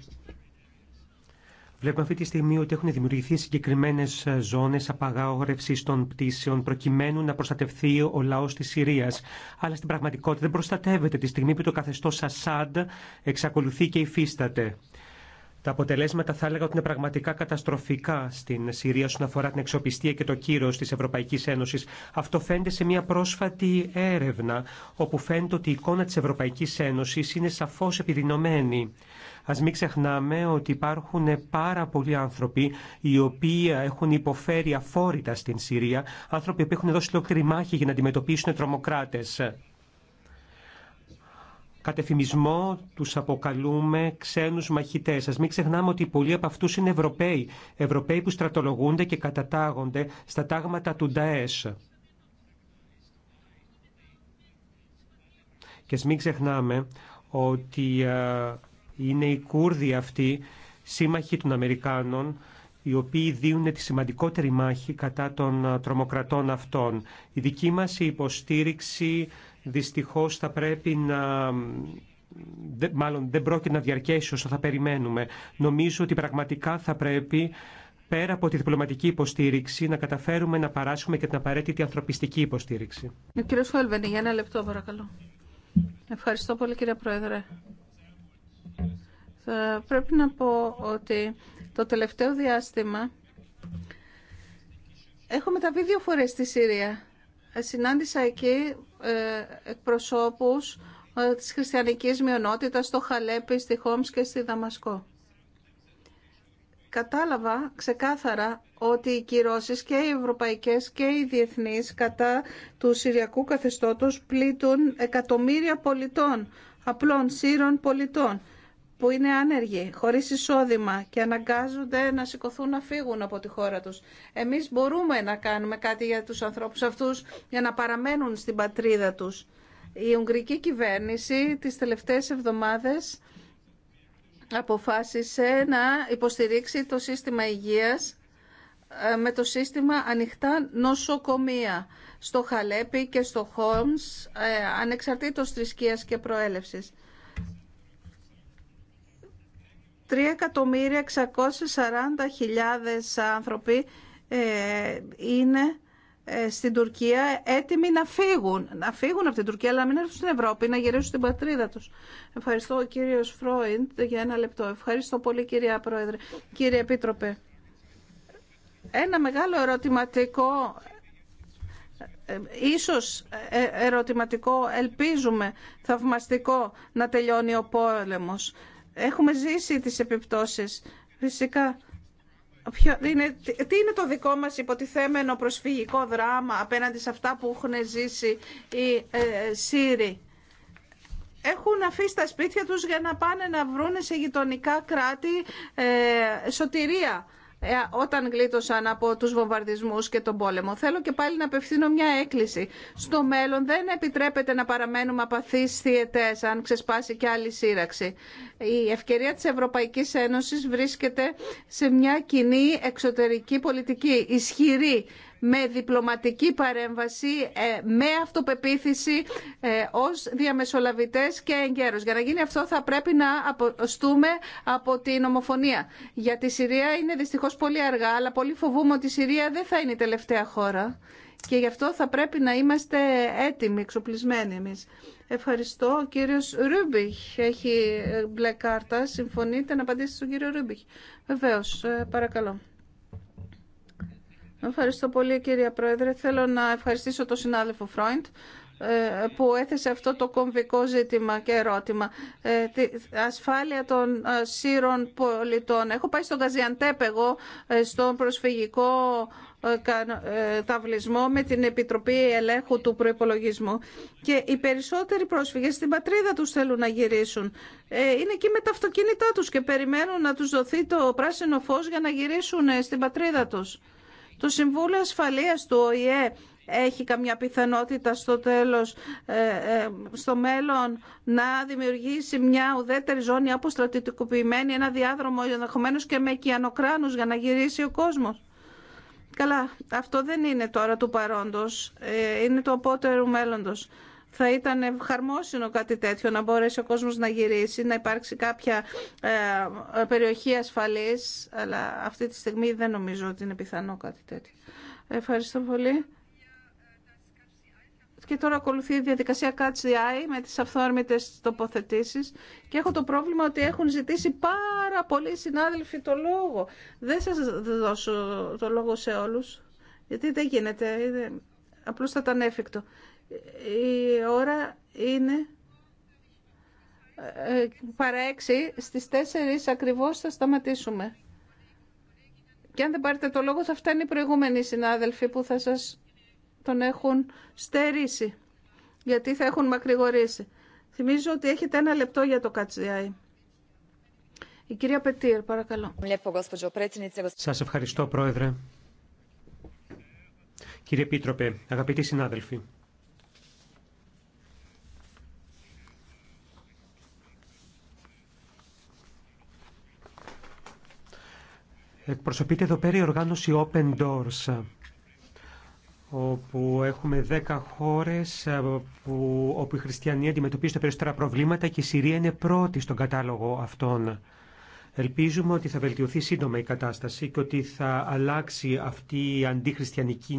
Βλέπουμε αυτή τη στιγμή ότι έχουν δημιουργηθεί συγκεκριμένε ε, ζώνε απαγόρευση των πτήσεων προκειμένου να προστατευθεί ο λαό τη Συρία. Αλλά στην πραγματικότητα δεν προστατεύεται τη στιγμή που το καθεστώ Ασάντ εξακολουθεί και υφίσταται. Τα αποτελέσματα θα έλεγα ότι είναι πραγματικά καταστροφικά στην Συρία όσον αφορά την εξοπιστία και το κύρο τη Ευρωπαϊκή Ένωση. Αυτό φαίνεται σε μια πρόσφατη έρευνα, όπου φαίνεται ότι η εικόνα τη Ευρωπαϊκή Ένωση είναι σαφώ επιδεινωμένη. Ας μην ξεχνάμε ότι υπάρχουν πάρα πολλοί άνθρωποι οι οποίοι έχουν υποφέρει αφόρητα στην Συρία, άνθρωποι που έχουν δώσει ολόκληρη μάχη για να αντιμετωπίσουν τρομοκράτες. Κατεφημισμό τους αποκαλούμε ξένους μαχητές. Ας μην ξεχνάμε ότι πολλοί από αυτούς είναι Ευρωπαίοι. Ευρωπαίοι που στρατολογούνται και κατατάγονται στα τάγματα του Νταέσ. Και ας μην ξεχνάμε ότι ε, είναι οι Κούρδοι αυτοί, σύμμαχοι των Αμερικάνων, οι οποίοι δίνουν τη σημαντικότερη μάχη κατά των τρομοκρατών αυτών. Η δική μας υποστήριξη δυστυχώς θα πρέπει να μάλλον δεν πρόκειται να διαρκέσει όσο θα περιμένουμε. Νομίζω ότι πραγματικά θα πρέπει πέρα από τη διπλωματική υποστήριξη να καταφέρουμε να παράσουμε και την απαραίτητη ανθρωπιστική υποστήριξη. για ένα λεπτό παρακαλώ. Ευχαριστώ πολύ κύριε Πρόεδρε. Θα πρέπει να πω ότι το τελευταίο διάστημα έχω μεταβεί δύο φορές στη Σύρια. Συνάντησα εκεί ε, εκπροσώπους ε, της χριστιανικής μειονότητας στο Χαλέπι, στη Χόμς και στη Δαμασκό. Κατάλαβα ξεκάθαρα ότι οι κυρώσεις και οι ευρωπαϊκές και οι διεθνείς κατά του συριακού καθεστώτος πλήττουν εκατομμύρια πολιτών, απλών σύρων πολιτών που είναι άνεργοι, χωρίς εισόδημα και αναγκάζονται να σηκωθούν να φύγουν από τη χώρα τους. Εμείς μπορούμε να κάνουμε κάτι για τους ανθρώπους αυτούς για να παραμένουν στην πατρίδα τους. Η Ουγγρική κυβέρνηση τις τελευταίες εβδομάδες αποφάσισε να υποστηρίξει το σύστημα υγείας ε, με το σύστημα ανοιχτά νοσοκομεία στο Χαλέπι και στο Χόμς, ε, ανεξαρτήτως θρησκείας και προέλευσης. 3.640.000 άνθρωποι ε, είναι ε, στην Τουρκία έτοιμοι να φύγουν. Να φύγουν από την Τουρκία, αλλά να μην έρθουν στην Ευρώπη, να γυρίσουν στην πατρίδα τους. Ευχαριστώ ο κύριος Φρόιντ για ένα λεπτό. Ευχαριστώ πολύ κυρία Πρόεδρε. Κύριε Επίτροπε, ένα μεγάλο ερωτηματικό ε, ίσως ερωτηματικό, ελπίζουμε, θαυμαστικό να τελειώνει ο πόλεμος. Έχουμε ζήσει τις επιπτώσεις. Φυσικά, Ποιο, είναι, τι είναι το δικό μας υποτιθέμενο προσφυγικό δράμα απέναντι σε αυτά που έχουν ζήσει οι ε, Σύροι. Έχουν αφήσει τα σπίτια τους για να πάνε να βρουν σε γειτονικά κράτη ε, σωτηρία. Ε, όταν γλίτωσαν από τους βομβαρδισμούς και τον πόλεμο. Θέλω και πάλι να απευθύνω μια έκκληση. Στο μέλλον δεν επιτρέπεται να παραμένουμε απαθείς θύετές αν ξεσπάσει και άλλη σύραξη. Η ευκαιρία της Ευρωπαϊκής Ένωσης βρίσκεται σε μια κοινή εξωτερική πολιτική ισχυρή με διπλωματική παρέμβαση, ε, με αυτοπεποίθηση ε, ως διαμεσολαβητές και εγκαίρως. Για να γίνει αυτό θα πρέπει να αποστούμε από την ομοφωνία. Για τη Συρία είναι δυστυχώς πολύ αργά, αλλά πολύ φοβούμαι ότι η Συρία δεν θα είναι η τελευταία χώρα. Και γι' αυτό θα πρέπει να είμαστε έτοιμοι, εξοπλισμένοι εμείς. Ευχαριστώ. Ο κύριος Ρούμπιχ έχει ε, μπλε κάρτα. Συμφωνείτε να απαντήσετε στον κύριο Ρούμπιχ. Βεβαίως. Παρακαλώ. Ευχαριστώ πολύ κύριε Πρόεδρε. Θέλω να ευχαριστήσω τον συνάδελφο Φρόιντ ε, που έθεσε αυτό το κομβικό ζήτημα και ερώτημα. Ε, τη ασφάλεια των ε, σύρων πολιτών. Έχω πάει στον Καζιαντέπ εγώ, στον προσφυγικό ταυλισμό με την Επιτροπή Ελέγχου του Προϋπολογισμού και οι περισσότεροι πρόσφυγες στην πατρίδα τους θέλουν να γυρίσουν. Είναι εκεί με τα αυτοκίνητά τους και περιμένουν να τους δοθεί το πράσινο φως για να γυρίσουν στην πατρίδα τους. Το Συμβούλιο Ασφαλείας του ΟΗΕ έχει καμιά πιθανότητα στο τέλος, ε, ε, στο μέλλον, να δημιουργήσει μια ουδέτερη ζώνη αποστρατητικοποιημένη, ένα διάδρομο ενδεχομένω και με οικιανοκράνους για να γυρίσει ο κόσμος. Καλά, αυτό δεν είναι τώρα του παρόντος, ε, είναι το απότερου μέλλοντος θα ήταν ευχαρμόσυνο κάτι τέτοιο να μπορέσει ο κόσμος να γυρίσει, να υπάρξει κάποια ε, περιοχή ασφαλής, αλλά αυτή τη στιγμή δεν νομίζω ότι είναι πιθανό κάτι τέτοιο. Ευχαριστώ πολύ. Και τώρα ακολουθεί η διαδικασία Catch με τις αυθόρμητες τοποθετήσεις και έχω το πρόβλημα ότι έχουν ζητήσει πάρα πολλοί συνάδελφοι το λόγο. Δεν σας δώσω το λόγο σε όλους, γιατί δεν γίνεται, απλώς θα ήταν έφικτο. Η ώρα είναι ε, παρά έξι. Στις τέσσερις ακριβώς θα σταματήσουμε. Και αν δεν πάρετε το λόγο θα φτάνει οι προηγούμενοι συνάδελφοι που θα σας τον έχουν στερήσει. Γιατί θα έχουν μακρηγορήσει. Θυμίζω ότι έχετε ένα λεπτό για το ΚΑΤΣΔΙ. Η κυρία Πετήρ, παρακαλώ. Σας ευχαριστώ, Πρόεδρε. Κύριε Επίτροπε, αγαπητοί συνάδελφοι. Εκπροσωπείται εδώ πέρα η οργάνωση Open Doors όπου έχουμε 10 χώρες όπου οι χριστιανοί αντιμετωπίζουν τα περισσότερα προβλήματα και η Συρία είναι πρώτη στον κατάλογο αυτών. Ελπίζουμε ότι θα βελτιωθεί σύντομα η κατάσταση και ότι θα αλλάξει αυτή η αντιχριστιανική